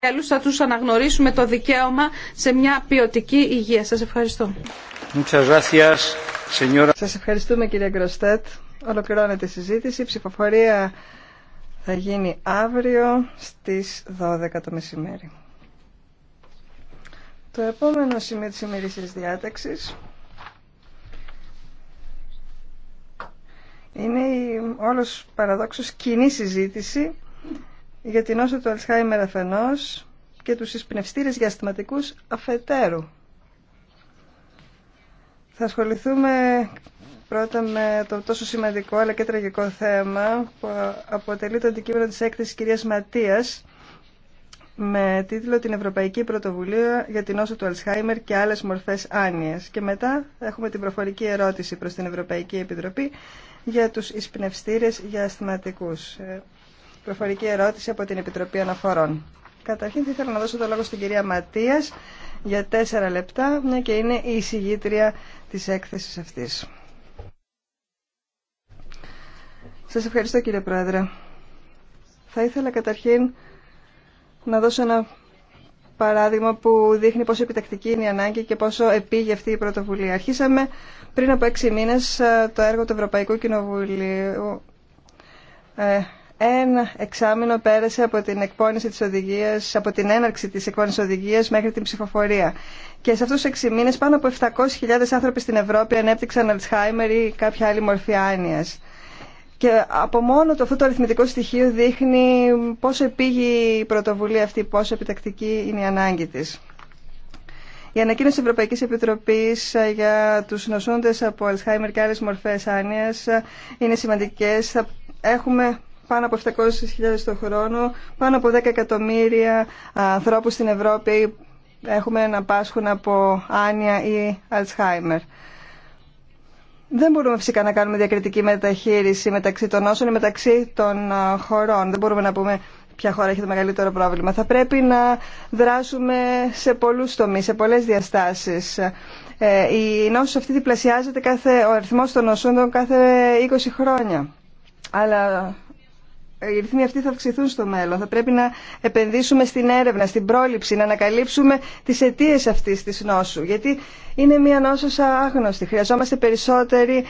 Τέλος θα τους αναγνωρίσουμε το δικαίωμα σε μια ποιοτική υγεία. Σας ευχαριστώ. Σας ευχαριστούμε κύριε Γκροστέτ. Ολοκληρώνεται η συζήτηση. Η ψηφοφορία θα γίνει αύριο στις 12 το μεσημέρι. Το επόμενο σημείο της ημερήσιας διάταξης είναι η όλος παραδόξως κοινή συζήτηση για την όσο του Αλσχάιμερ αφενός και τους εισπνευστήρες για ασθματικούς αφετέρου. Θα ασχοληθούμε πρώτα με το τόσο σημαντικό αλλά και τραγικό θέμα που αποτελεί το αντικείμενο της έκθεσης κυρίας Ματίας με τίτλο «Την Ευρωπαϊκή Πρωτοβουλία για την όσο του Αλσχάιμερ και άλλες μορφές άνοιας». Και μετά έχουμε την προφορική ερώτηση προς την Ευρωπαϊκή Επιτροπή για τους εισπνευστήρες για προφορική ερώτηση από την Επιτροπή Αναφορών. Καταρχήν θα ήθελα να δώσω το λόγο στην κυρία Ματίας για τέσσερα λεπτά, μια και είναι η εισηγήτρια τη έκθεση αυτή. Σα ευχαριστώ κύριε Πρόεδρε. Θα ήθελα καταρχήν να δώσω ένα παράδειγμα που δείχνει πόσο επιτακτική είναι η ανάγκη και πόσο επήγε αυτή η πρωτοβουλία. Αρχίσαμε πριν από έξι μήνες ε, το έργο του Ευρωπαϊκού Κοινοβουλίου ε, ένα εξάμεινο πέρασε από την εκπόνηση της οδηγίας, από την έναρξη της εκπόνησης οδηγίας μέχρι την ψηφοφορία. Και σε αυτούς τους έξι μήνες πάνω από 700.000 άνθρωποι στην Ευρώπη ανέπτυξαν Αλτσχάιμερ ή κάποια άλλη μορφή άνοιας. Και από μόνο το αυτό το αριθμητικό στοιχείο δείχνει πόσο επίγει η πρωτοβουλία αυτή, πόσο επιτακτική είναι η ανάγκη της. Η ανακοίνωση της Ευρωπαϊκής Επιτροπής ε, για τους νοσούντες από αλτσχάιμερ και άλλες μορφές άνοιας ε, είναι σημαντικές. έχουμε πάνω από 700.000 το χρόνο, πάνω από 10 εκατομμύρια ανθρώπους στην Ευρώπη έχουμε να πάσχουν από άνοια ή Αλτσχάιμερ. Δεν μπορούμε φυσικά να κάνουμε διακριτική μεταχείριση μεταξύ των όσων ή μεταξύ των χωρών. Δεν μπορούμε να πούμε ποια χώρα έχει το μεγαλύτερο πρόβλημα. Θα πρέπει να δράσουμε σε πολλούς τομείς, σε πολλές διαστάσεις. Ε, η νόσος αυτή διπλασιάζεται κάθε, ο αριθμός των νοσούντων δρασουμε σε πολλους τομεις σε πολλες διαστασεις η νοσος αυτη διπλασιαζεται ο αριθμος των νοσουντων καθε 20 χρόνια. Αλλά ε, οι ρυθμοί αυτοί θα αυξηθούν στο μέλλον. Θα πρέπει να επενδύσουμε στην έρευνα, στην πρόληψη, να ανακαλύψουμε τι αιτίε αυτή τη νόσου. Γιατί είναι μια νόσος άγνωστη. Χρειαζόμαστε περισσότερη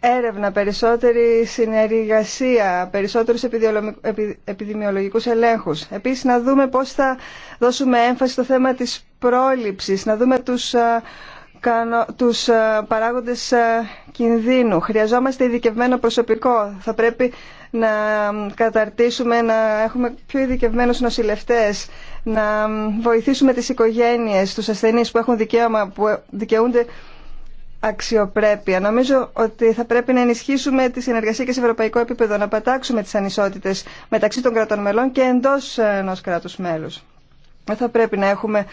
έρευνα, περισσότερη συνεργασία, περισσότερους επιδημιολογικούς ελέγχους. Επίσης να δούμε πώς θα δώσουμε έμφαση στο θέμα της πρόληψης, να δούμε τους, τους παράγοντες κινδύνου. Χρειαζόμαστε ειδικευμένο προσωπικό. Θα πρέπει να καταρτήσουμε, να έχουμε πιο ειδικευμένους νοσηλευτές, να βοηθήσουμε τις οικογένειες, τους ασθενείς που έχουν δικαίωμα, που δικαιούνται αξιοπρέπεια. Νομίζω ότι θα πρέπει να ενισχύσουμε τη συνεργασία και σε ευρωπαϊκό επίπεδο, να πατάξουμε τις ανισότητες μεταξύ των κρατών μελών και εντός ενός κράτους μέλους. θα πρέπει να έχουμε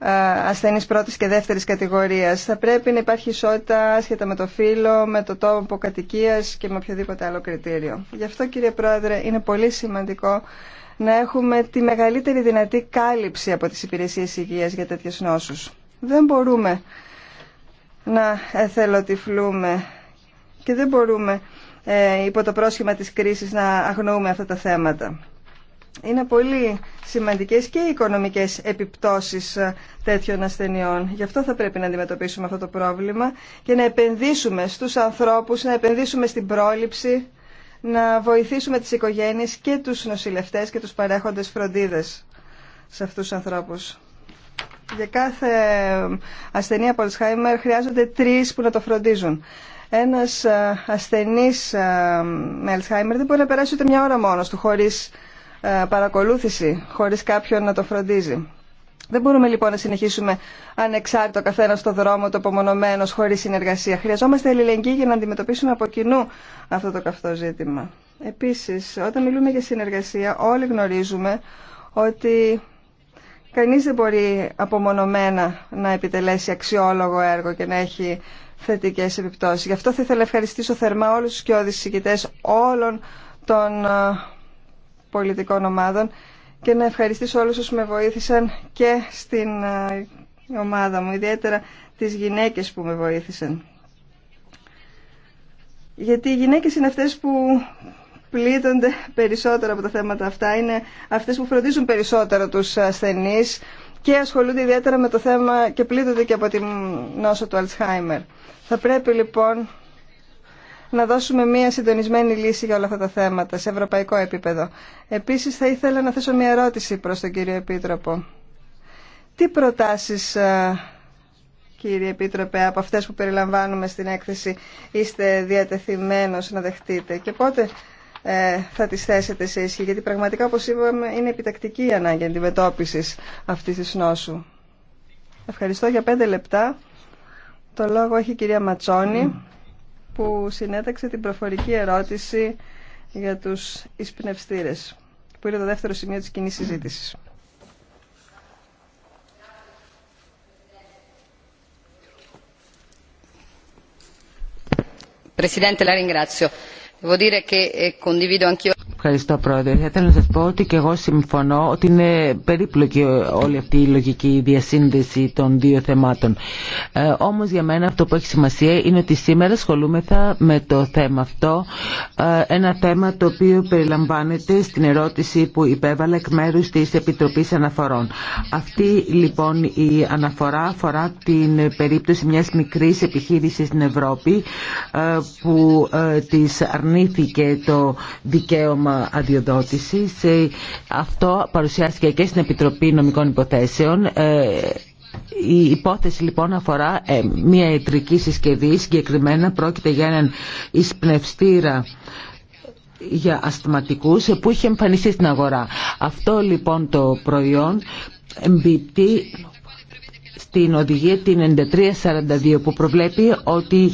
ε, ασθενείς πρώτης και δεύτερης κατηγορίας. Θα πρέπει να υπάρχει ισότητα σχετικά με το φύλλο, με το τόπο κατοικία και με οποιοδήποτε άλλο κριτήριο. Γι' αυτό κύριε Πρόεδρε είναι πολύ σημαντικό να έχουμε τη μεγαλύτερη δυνατή κάλυψη από τις υπηρεσίες υγείας για τέτοιες νόσους. Δεν μπορούμε να εθελοτυφλούμε και δεν μπορούμε ε, υπό το πρόσχημα της κρίσης να αγνοούμε αυτά τα θέματα είναι πολύ σημαντικές και οι οικονομικές επιπτώσεις ε, τέτοιων ασθενειών. Γι' αυτό θα πρέπει να αντιμετωπίσουμε αυτό το πρόβλημα και να επενδύσουμε στους ανθρώπους, να επενδύσουμε στην πρόληψη, να βοηθήσουμε τις οικογένειες και τους νοσηλευτές και τους παρέχοντες φροντίδες σε αυτούς τους ανθρώπους. Για κάθε ε, ασθενή από Αλσχάιμερ χρειάζονται τρεις που να το φροντίζουν. Ένας ε, ασθενής με Αλσχάιμερ δεν μπορεί να περάσει ούτε μια ώρα μόνος του χωρίς ε, παρακολούθηση χωρίς κάποιον να το φροντίζει. Δεν μπορούμε λοιπόν να συνεχίσουμε ανεξάρτητο καθένα στο δρόμο, το απομονωμένο, χωρί συνεργασία. Χρειαζόμαστε ελληνική για να αντιμετωπίσουμε από κοινού αυτό το καυτό ζήτημα. Επίση, όταν μιλούμε για συνεργασία, όλοι γνωρίζουμε ότι κανεί δεν μπορεί απομονωμένα να επιτελέσει αξιόλογο έργο και να έχει θετικέ επιπτώσει. Γι' αυτό θα ήθελα να ευχαριστήσω θερμά όλου του κοιόδη συγκητέ όλων των ε, πολιτικών ομάδων και να ευχαριστήσω όλους όσους με βοήθησαν και στην ε, ομάδα μου, ιδιαίτερα τις γυναίκες που με βοήθησαν. Γιατί οι γυναίκες είναι αυτές που πλήττονται περισσότερο από τα θέματα αυτά, είναι αυτές που φροντίζουν περισσότερο τους ασθενείς και ασχολούνται ιδιαίτερα με το θέμα και πλήττονται και από τη νόσο του Αλτσχάιμερ. Θα πρέπει λοιπόν να δώσουμε μια συντονισμένη λύση για όλα αυτά τα θέματα σε ευρωπαϊκό επίπεδο. Επίσης θα ήθελα να θέσω μια ερώτηση προς τον κύριο Επίτροπο. Τι προτάσεις, κύριε Επίτροπε, από αυτές που περιλαμβάνουμε στην έκθεση είστε διατεθειμένος να δεχτείτε και πότε ε, θα τις θέσετε σε ισχύ, γιατί πραγματικά, όπως είπαμε, είναι επιτακτική η ανάγκη αντιμετώπιση αυτής της νόσου. Ευχαριστώ για πέντε λεπτά. Το λόγο έχει η κυρία Ματσόνη που συνέταξε την προφορική ερώτηση για τους εισπνευστήρες, που είναι το δεύτερο σημείο της κοινής συζήτησης. Presidente, la ringrazio. Devo dire che eh, condivido anch'io. Ευχαριστώ πρόεδρε. Θα ήθελα να σας πω ότι και εγώ συμφωνώ ότι είναι περίπλοκη όλη αυτή η λογική διασύνδεση των δύο θεμάτων. Ε, όμως για μένα αυτό που έχει σημασία είναι ότι σήμερα ασχολούμεθα με το θέμα αυτό. Ε, ένα θέμα το οποίο περιλαμβάνεται στην ερώτηση που υπέβαλα εκ μέρου της Επιτροπής Αναφορών. Αυτή λοιπόν η αναφορά αφορά την περίπτωση μιας μικρής επιχείρησης στην Ευρώπη ε, που ε, της αρνήθηκε το δικαίωμα δικαίωμα ε, Αυτό παρουσιάστηκε και στην Επιτροπή Νομικών Υποθέσεων. Ε, η υπόθεση λοιπόν αφορά ε, μια ιατρική συσκευή, συγκεκριμένα πρόκειται για έναν εισπνευστήρα για ασθηματικούς που είχε εμφανιστεί στην αγορά. Αυτό λοιπόν το προϊόν εμπιπτεί στην οδηγία την 9342 που προβλέπει ότι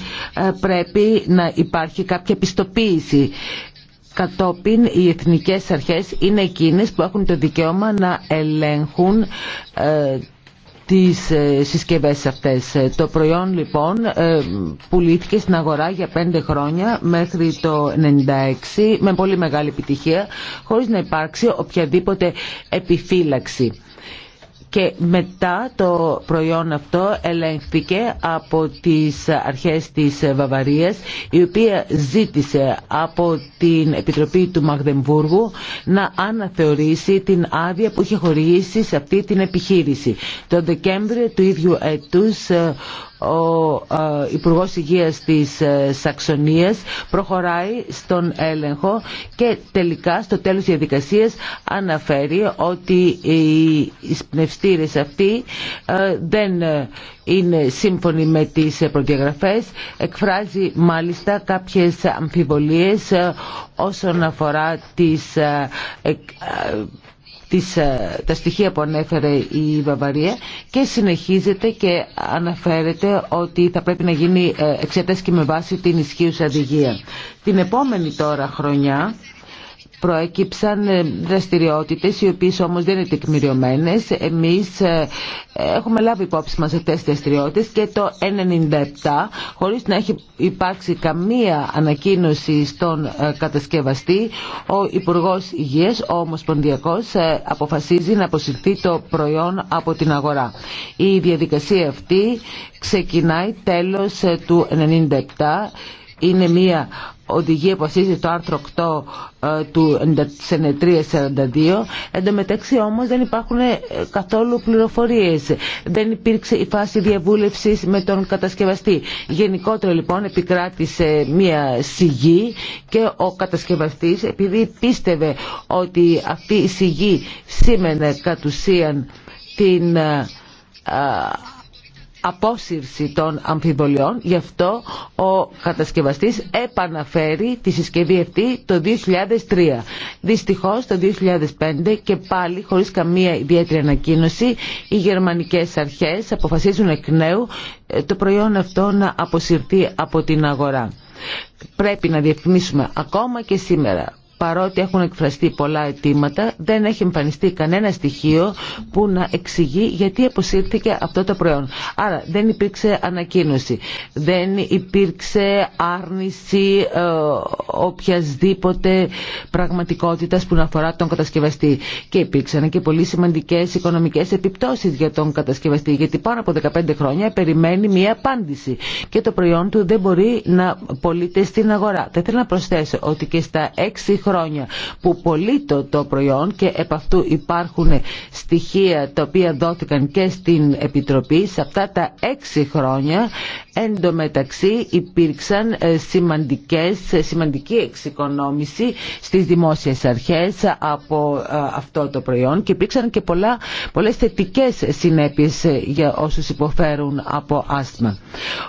πρέπει να υπάρχει κάποια πιστοποίηση κατόπιν οι εθνικές αρχές είναι εκείνες που έχουν το δικαίωμα να ελέγχουν ε, τις ε, συσκευές αυτές. Ε, το προϊόν λοιπόν πουλήθηκε στην αγορά για πέντε χρόνια μέχρι το 96 με πολύ μεγάλη επιτυχία χωρίς να υπάρξει οποιαδήποτε επιφύλαξη και μετά το προϊόν αυτό ελέγχθηκε από τις αρχές της Βαβαρίας η οποία ζήτησε από την Επιτροπή του Μαγδεμβούργου να αναθεωρήσει την άδεια που είχε χορηγήσει σε αυτή την επιχείρηση. Το Δεκέμβριο του ίδιου έτους ο ε, Υπουργός Υγείας της ε, Σαξονίας προχωράει στον έλεγχο και τελικά στο τέλος της διαδικασίας αναφέρει ότι οι πνευστήρες αυτοί ε, δεν είναι σύμφωνοι με τις προδιαγραφές εκφράζει μάλιστα κάποιες αμφιβολίες όσον αφορά τις τις, ε, τα στοιχεία που ανέφερε η Βαβαρία και συνεχίζεται και αναφέρεται ότι θα πρέπει να γίνει ε, εξετάσεις και με βάση την ισχύουσα οδηγία. Την επόμενη τώρα χρονιά προέκυψαν ε, δραστηριότητες οι οποίες όμως δεν είναι τεκμηριωμένες. Εμείς ε, έχουμε λάβει υπόψη μας αυτές τις δραστηριότητες και το 1997 χωρίς να έχει υπάρξει καμία ανακοίνωση στον ε, κατασκευαστή ο Υπουργός Υγείας, ο Ομοσπονδιακός αποφασίζει να αποσυρθεί το προϊόν από την αγορά. Η διαδικασία αυτή ξεκινάει τέλος του 1997 είναι μια Οδηγεί που το άρθρο 8 ε, του 93-42. Εν τω όμως δεν υπάρχουν ε, καθόλου πληροφορίες. Δεν υπήρξε η φάση διαβούλευσης με τον κατασκευαστή. Γενικότερα λοιπόν επικράτησε μία σιγή και ο κατασκευαστής επειδή πίστευε ότι αυτή η σιγή σήμαινε κατ' ουσίαν την ε, απόσυρση των αμφιβολιών. Γι' αυτό ο κατασκευαστής επαναφέρει τη συσκευή αυτή το 2003. Δυστυχώς το 2005 και πάλι χωρίς καμία ιδιαίτερη ανακοίνωση οι γερμανικές αρχές αποφασίζουν εκ νέου ε, το προϊόν αυτό να αποσυρθεί από την αγορά. Πρέπει να διευκρινίσουμε ακόμα και σήμερα παρότι έχουν εκφραστεί πολλά αιτήματα, δεν έχει εμφανιστεί κανένα στοιχείο που να εξηγεί γιατί αποσύρθηκε αυτό το προϊόν. Άρα δεν υπήρξε ανακοίνωση, δεν υπήρξε άρνηση ε, οποιασδήποτε πραγματικότητας που να αφορά τον κατασκευαστή. Και υπήρξαν και πολύ σημαντικές οικονομικές επιπτώσεις για τον κατασκευαστή, γιατί πάνω από 15 χρόνια περιμένει μία απάντηση και το προϊόν του δεν μπορεί να πωλείται στην αγορά. Θα ήθελα να προσθέσω ότι και στα 6 χρόνια που πολύτο το προϊόν και επ' αυτού υπάρχουν στοιχεία τα οποία δόθηκαν και στην Επιτροπή σε αυτά τα έξι χρόνια εντωμεταξύ υπήρξαν ε, σημαντικές, ε, σημαντική εξοικονόμηση στις δημόσιες αρχές από ε, αυτό το προϊόν και υπήρξαν και πολλά, πολλές θετικές συνέπειες για όσους υποφέρουν από άσθμα.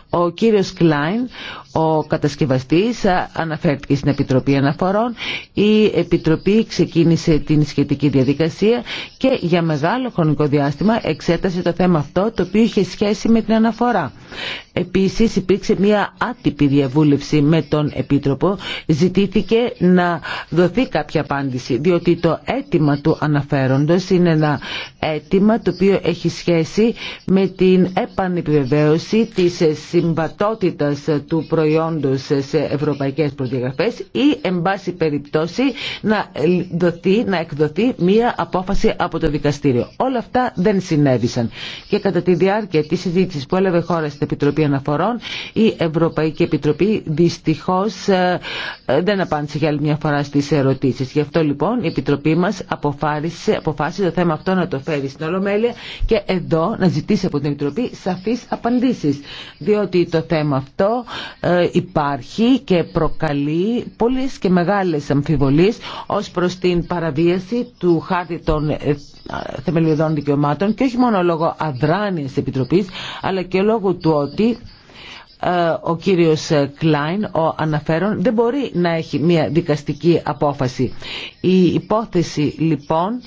Ο κύριος Κλάιν, ο κατασκευαστής, αναφέρθηκε στην Επιτροπή Αναφορών η Επιτροπή ξεκίνησε την σχετική διαδικασία και για μεγάλο χρονικό διάστημα εξέτασε το θέμα αυτό το οποίο είχε σχέση με την αναφορά. Επίσης υπήρξε μια άτυπη διαβούλευση με τον Επίτροπο. Ζητήθηκε να δοθεί κάποια απάντηση διότι το αίτημα του αναφέροντος είναι ένα αίτημα το οποίο έχει σχέση με την επανεπιβεβαίωση της συμβατότητας του προϊόντος σε ευρωπαϊκές προδιαγραφές ή εν να, δοθεί, να εκδοθεί μία απόφαση από το δικαστήριο. Όλα αυτά δεν συνέβησαν. Και κατά τη διάρκεια της συζήτηση που έλαβε χώρα στην Επιτροπή Αναφορών, η Ευρωπαϊκή Επιτροπή δυστυχώς ε, ε, δεν απάντησε για άλλη μια φορά στις ερωτήσεις. Γι' αυτό λοιπόν η Επιτροπή μας αποφάσισε, αποφάσισε το θέμα αυτό να το φέρει στην Ολομέλεια και εδώ να ζητήσει από την Επιτροπή σαφείς απαντήσεις. Διότι το θέμα αυτό ε, υπάρχει και προκαλεί πολλές και μεγάλες αμφιβολίες ω ως προς την παραβίαση του χάρτη των ε, θεμελιωδών δικαιωμάτων και όχι μόνο λόγω αδράνειας Επιτροπής αλλά και λόγω του ότι ε, ο κύριος Κλάιν, ο αναφέρον, δεν μπορεί να έχει μια δικαστική απόφαση. Η υπόθεση λοιπόν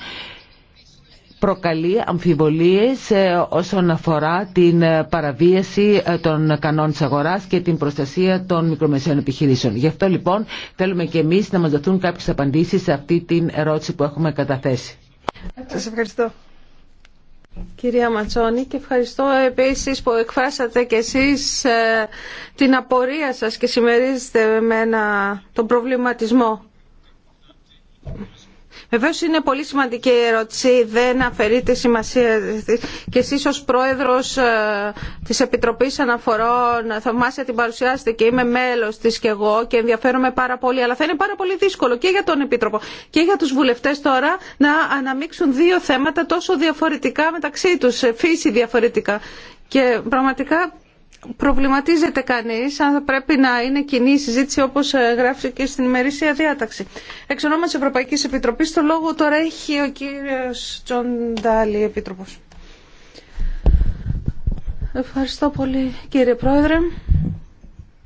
προκαλεί αμφιβολίες ε, όσον αφορά την ε, παραβίαση ε, των κανόνων της αγοράς και την προστασία των μικρομεσαίων επιχειρήσεων. Γι' αυτό λοιπόν θέλουμε και εμείς να μας δοθούν κάποιες απαντήσεις σε αυτή την ερώτηση που έχουμε καταθέσει. Σας ευχαριστώ. Κυρία Ματσόνη και ευχαριστώ επίσης που εκφράσατε και εσείς την απορία σας και συμμερίζετε με ένα, τον προβληματισμό. Βεβαίω είναι πολύ σημαντική η ερώτηση, δεν αφαιρεί τη σημασία και εσείς ως πρόεδρος ε, της Επιτροπής Αναφορών θαυμάσια την παρουσιάσετε και είμαι μέλος της και εγώ και ενδιαφέρομαι πάρα πολύ, αλλά θα είναι πάρα πολύ δύσκολο και για τον Επίτροπο και για τους βουλευτές τώρα να αναμίξουν δύο θέματα τόσο διαφορετικά μεταξύ του. φύση διαφορετικά. Και πραγματικά προβληματίζεται κανείς αν θα πρέπει να είναι κοινή η συζήτηση όπως ε, γράφει και στην ημερήσια διάταξη. Εξ της Ευρωπαϊκής Επιτροπής το λόγο τώρα έχει ο κύριος Τζον Ντάλι, Επίτροπος. Ευχαριστώ πολύ κύριε Πρόεδρε.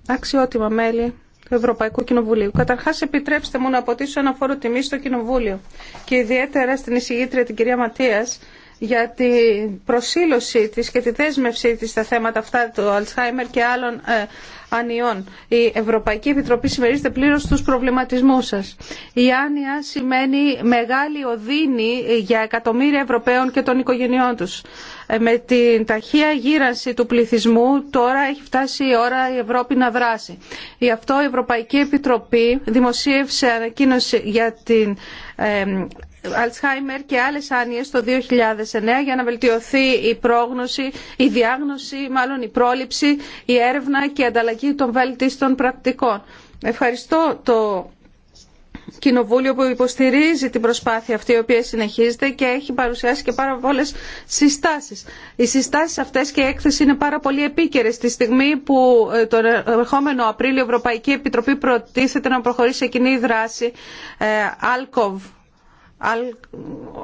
Αξιότιμα μέλη του Ευρωπαϊκού Κοινοβουλίου. Καταρχάς επιτρέψτε μου να αποτίσω ένα φόρο τιμή στο Κοινοβούλιο και ιδιαίτερα στην εισηγήτρια την κυρία Ματίας για την προσήλωσή της και τη δέσμευσή της στα θέματα αυτά του Αλτσχάιμερ και άλλων ε, ανιών. Η Ευρωπαϊκή Επιτροπή συμμερίζεται πλήρως στους προβληματισμούς σας. Η άνοια σημαίνει μεγάλη οδύνη για εκατομμύρια Ευρωπαίων και των οικογενειών τους. Ε, με την ταχεία γύρανση του πληθυσμού τώρα έχει φτάσει η ώρα η Ευρώπη να δράσει. Γι' αυτό η Ευρωπαϊκή Επιτροπή δημοσίευσε ανακοίνωση για την ε, Αλτσχάιμερ και άλλες άνοιες το 2009 για να βελτιωθεί η πρόγνωση, η διάγνωση, μάλλον η πρόληψη, η έρευνα και η ανταλλαγή των βέλτιστων πρακτικών. Ευχαριστώ το Κοινοβούλιο που υποστηρίζει την προσπάθεια αυτή η οποία συνεχίζεται και έχει παρουσιάσει και πάρα πολλές συστάσεις. Οι συστάσεις αυτές και η έκθεση είναι πάρα πολύ επίκαιρες στη στιγμή που ε, τον ερχόμενο Απρίλιο η Ευρωπαϊκή Επιτροπή προτίθεται να προχωρήσει σε κοινή δράση ε, Alcov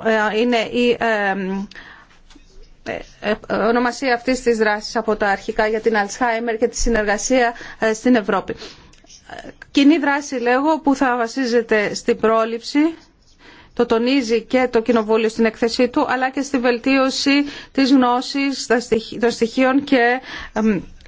ε, είναι η ε, ε, ονομασία αυτής της δράσης από τα αρχικά για την Αλτσχάιμερ και τη συνεργασία στην Ευρώπη. Κοινή δράση λέγω που θα βασίζεται στην πρόληψη, το τονίζει και το Κοινοβούλιο στην εκθεσή του, αλλά και στη βελτίωση της γνώσης των στοιχείων και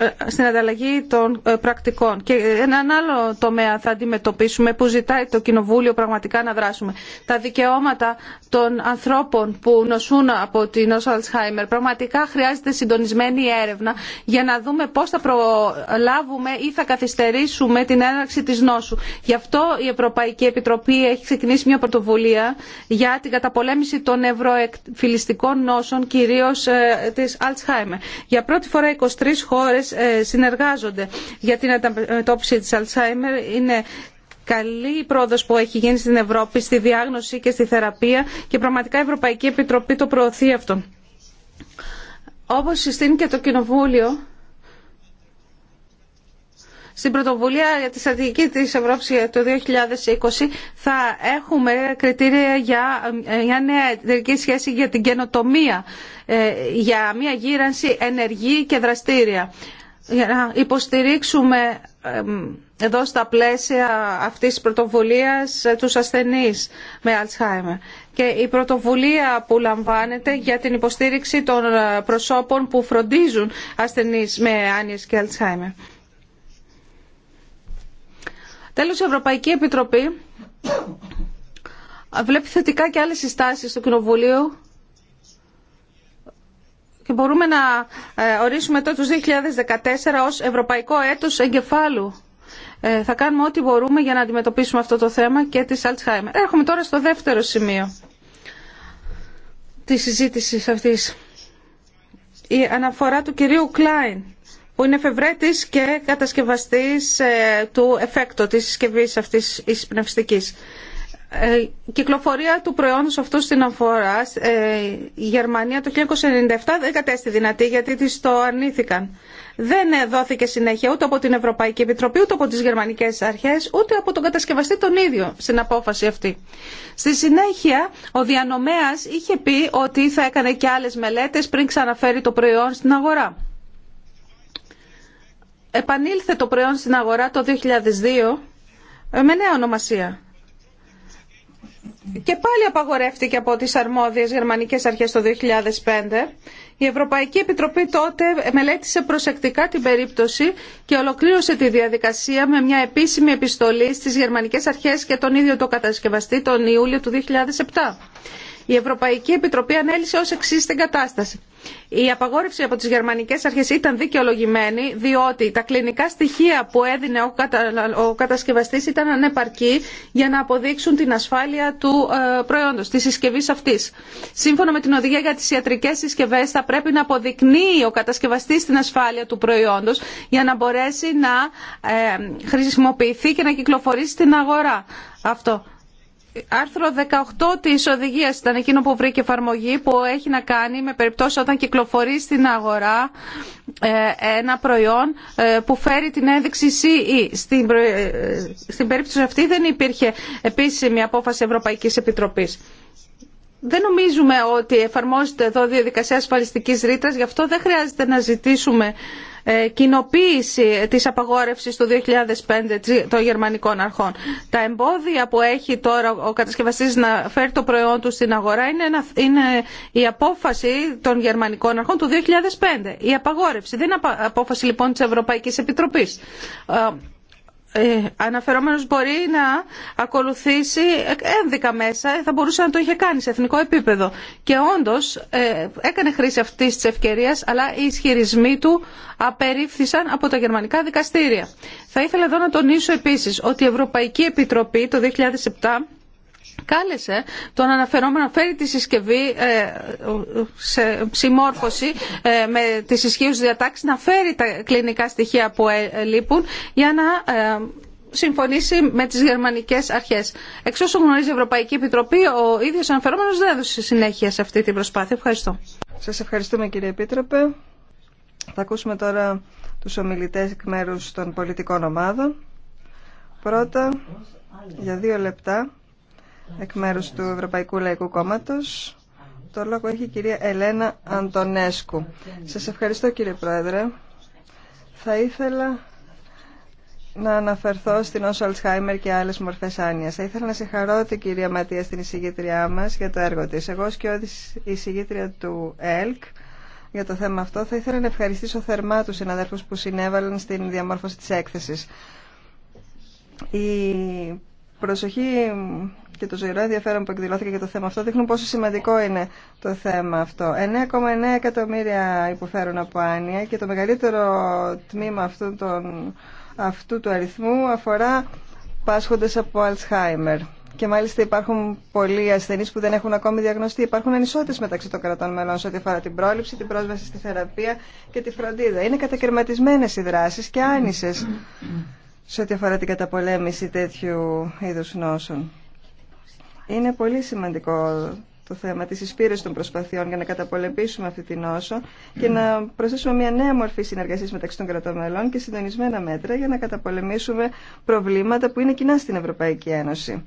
ε, στην ανταλλαγή των ε, πρακτικών. Και έναν άλλο τομέα θα αντιμετωπίσουμε που ζητάει το Κοινοβούλιο πραγματικά να δράσουμε. Τα δικαιώματα των ανθρώπων που νοσούν από την νόσο Αλτσχάιμερ Πραγματικά χρειάζεται συντονισμένη έρευνα για να δούμε πώς θα προλάβουμε ή θα καθυστερήσουμε την έναρξη της νόσου. Γι' αυτό η Ευρωπαϊκή Επιτροπή έχει ξεκινήσει μια πρωτοβουλία για την καταπολέμηση των ευρωεκφυλιστικών νόσων, κυρίως ε, της Αλτσχάιμερ. Για πρώτη φορά 23 χώρες ε, συνεργάζονται για την αντιμετώπιση της Αλσάιμερ είναι καλή η πρόοδος που έχει γίνει στην Ευρώπη στη διάγνωση και στη θεραπεία και πραγματικά η Ευρωπαϊκή Επιτροπή το προωθεί αυτό. Όπως συστήνει και το Κοινοβούλιο, στην πρωτοβουλία για τη στρατηγική της Ευρώπης το 2020 θα έχουμε κριτήρια για μια νέα εταιρική σχέση για την καινοτομία, ε, για μια γύρανση ενεργή και δραστήρια για να υποστηρίξουμε εδώ στα πλαίσια αυτής της πρωτοβουλίας ε, τους ασθενείς με Αλτσχάιμερ. Και η πρωτοβουλία που λαμβάνεται για την υποστήριξη των ε, προσώπων που φροντίζουν ασθενείς με άνοιες και Αλτσχάιμερ. Τέλος, η Ευρωπαϊκή Επιτροπή ε, βλέπει θετικά και άλλες συστάσεις του Κοινοβουλίου και μπορούμε να ε, ορίσουμε το 2014 ως Ευρωπαϊκό Έτος Εγκεφάλου. Ε, θα κάνουμε ό,τι μπορούμε για να αντιμετωπίσουμε αυτό το θέμα και τη Αλτσχάιμερ. Έρχομαι τώρα στο δεύτερο σημείο της συζήτησης αυτής. Η αναφορά του κυρίου Κλάιν που είναι εφευρέτης και κατασκευαστής ε, του εφέκτο της συσκευής αυτής της πνευστικής. Η ε, κυκλοφορία του προϊόντος αυτού στην αφορά ε, η Γερμανία το 1997 δεν κατέστη δυνατή γιατί της το αρνήθηκαν. Δεν ε, δόθηκε συνέχεια ούτε από την Ευρωπαϊκή Επιτροπή, ούτε από τις γερμανικές αρχές, ούτε από τον κατασκευαστή τον ίδιο στην απόφαση αυτή. Στη συνέχεια, ο διανομέας είχε πει ότι θα έκανε και άλλες μελέτες πριν ξαναφέρει το προϊόν στην αγορά. Επανήλθε το προϊόν στην αγορά το 2002 με νέα ονομασία και πάλι απαγορεύτηκε από τις αρμόδιες γερμανικές αρχές το 2005. Η Ευρωπαϊκή Επιτροπή τότε μελέτησε προσεκτικά την περίπτωση και ολοκλήρωσε τη διαδικασία με μια επίσημη επιστολή στις γερμανικές αρχές και τον ίδιο το κατασκευαστή τον Ιούλιο του 2007. Η Ευρωπαϊκή Επιτροπή ανέλησε ως εξή την κατάσταση. Η απαγόρευση από τις γερμανικές αρχές ήταν δικαιολογημένη διότι τα κλινικά στοιχεία που έδινε ο, κατα... κατασκευαστής ήταν ανεπαρκή για να αποδείξουν την ασφάλεια του ε, προϊόντος, τη συσκευή αυτή. Σύμφωνα με την οδηγία για τις ιατρικές συσκευέ, θα πρέπει να αποδεικνύει ο κατασκευαστή την ασφάλεια του προϊόντος για να μπορέσει να ε, χρησιμοποιηθεί και να κυκλοφορήσει στην αγορά. Αυτό. Άρθρο 18 της οδηγίας ήταν εκείνο που βρήκε εφαρμογή που έχει να κάνει με περιπτώσει όταν κυκλοφορεί στην αγορά ε, ένα προϊόν ε, που φέρει την ένδειξη CE. Ε, στην περίπτωση αυτή δεν υπήρχε επίσημη απόφαση Ευρωπαϊκής Επιτροπής. Δεν νομίζουμε ότι εφαρμόζεται εδώ διαδικασία ασφαλιστικής ρήτρας, γι' αυτό δεν χρειάζεται να ζητήσουμε ε, κοινοποίηση της απαγόρευσης του 2005 των γερμανικών αρχών. Τα εμπόδια που έχει τώρα ο κατασκευαστής να φέρει το προϊόν του στην αγορά είναι η απόφαση των γερμανικών αρχών του 2005. Η απαγόρευση. Δεν είναι απόφαση λοιπόν της Ευρωπαϊκής Επιτροπής. Ε, ε, αναφερόμενος μπορεί να ακολουθήσει ένδικα μέσα, ε, θα μπορούσε να το είχε κάνει σε εθνικό επίπεδο. Και όντως ε, έκανε χρήση αυτής της ευκαιρίας, αλλά οι ισχυρισμοί του απερίφθησαν από τα γερμανικά δικαστήρια. Θα ήθελα εδώ να τονίσω επίσης ότι η Ευρωπαϊκή Επιτροπή το 2007 κάλεσε τον αναφερόμενο να φέρει τη συσκευή ε, σε συμμόρφωση ε, με τις ισχύους διατάξεις, να φέρει τα κλινικά στοιχεία που ε, λείπουν για να συμφωνήσει με τις γερμανικές αρχές. Εξ όσων γνωρίζει η Ευρωπαϊκή Επιτροπή, ο ίδιος αναφερόμενος δεν έδωσε συνέχεια σε αυτή την προσπάθεια. Ευχαριστώ. Σας ευχαριστούμε κύριε Επίτροπε. Θα ακούσουμε τώρα τους ομιλητές εκ μέρους των πολιτικών ομάδων. Πρώτα, για δύο λεπτά, εκ μέρους του Ευρωπαϊκού Λαϊκού Κόμματος. Το λόγο έχει η κυρία Ελένα Αντωνέσκου. Σας ευχαριστώ κύριε Πρόεδρε. Θα ήθελα να αναφερθώ στην όσο Αλτσχάιμερ και άλλες μορφές άνοιας. Θα ήθελα να συγχαρώ την κυρία Ματία στην εισηγήτριά μας για το έργο της. Εγώ ως και η εισηγήτρια του ΕΛΚ για το θέμα αυτό θα ήθελα να ευχαριστήσω θερμά τους συναδέλφους που συνέβαλαν στην διαμόρφωση της έκθεσης. Η προσοχή και το ζωηρό ενδιαφέρον που εκδηλώθηκε για το θέμα αυτό δείχνουν πόσο σημαντικό είναι το θέμα αυτό. 9,9 εκατομμύρια υποφέρουν από άνοια και το μεγαλύτερο τμήμα αυτού, αυτού του αριθμού αφορά πάσχοντες από Αλτσχάιμερ. Και μάλιστα υπάρχουν πολλοί ασθενεί που δεν έχουν ακόμη διαγνωστεί. Υπάρχουν ανισότητε μεταξύ των κρατών μελών σε ό,τι αφορά την πρόληψη, την πρόσβαση στη θεραπεία και τη φροντίδα. Είναι κατακαιρματισμένε οι δράσει και άνισε σε ό,τι αφορά την καταπολέμηση τέτοιου είδους νόσων. Είναι πολύ σημαντικό το θέμα της εισπύρεσης των προσπαθειών για να καταπολεμήσουμε αυτή την νόσο και να προσθέσουμε μια νέα μορφή συνεργασίας μεταξύ των κρατών μελών και συντονισμένα μέτρα για να καταπολεμήσουμε προβλήματα που είναι κοινά στην Ευρωπαϊκή Ένωση.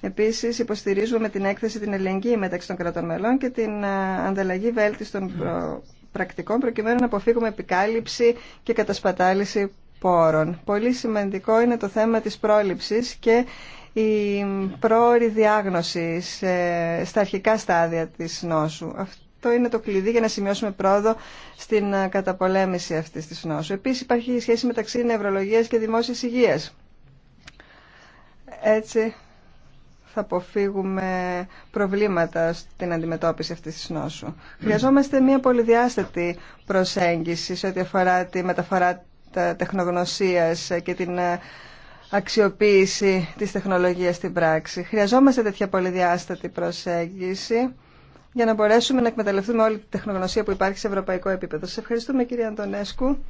Επίσης, υποστηρίζουμε την έκθεση την ελληνική μεταξύ των κρατών μελών και την ε, ανταλλαγή βέλτιστων προ... Ε, πρακτικών προκειμένου να αποφύγουμε επικάλυψη και κατασπατάληση πόρων. Πολύ σημαντικό είναι το θέμα της πρόληψης και η πρόορη διάγνωση στα αρχικά στάδια της νόσου. Αυτό είναι το κλειδί για να σημειώσουμε πρόοδο στην ε, καταπολέμηση αυτής της νόσου. Επίσης υπάρχει σχέση μεταξύ νευρολογίας και δημόσιας υγείας. Έτσι θα αποφύγουμε προβλήματα στην αντιμετώπιση αυτής της νόσου. Χρειαζόμαστε μια πολυδιάστατη προσέγγιση σε ό,τι αφορά τη μεταφορά τα τεχνογνωσίας και την ε, αξιοποίηση της τεχνολογίας στην πράξη. Χρειαζόμαστε τέτοια πολυδιάστατη προσέγγιση για να μπορέσουμε να εκμεταλλευτούμε όλη τη τεχνογνωσία που υπάρχει σε ευρωπαϊκό επίπεδο. Σας ευχαριστούμε κύριε Αντωνέσκου.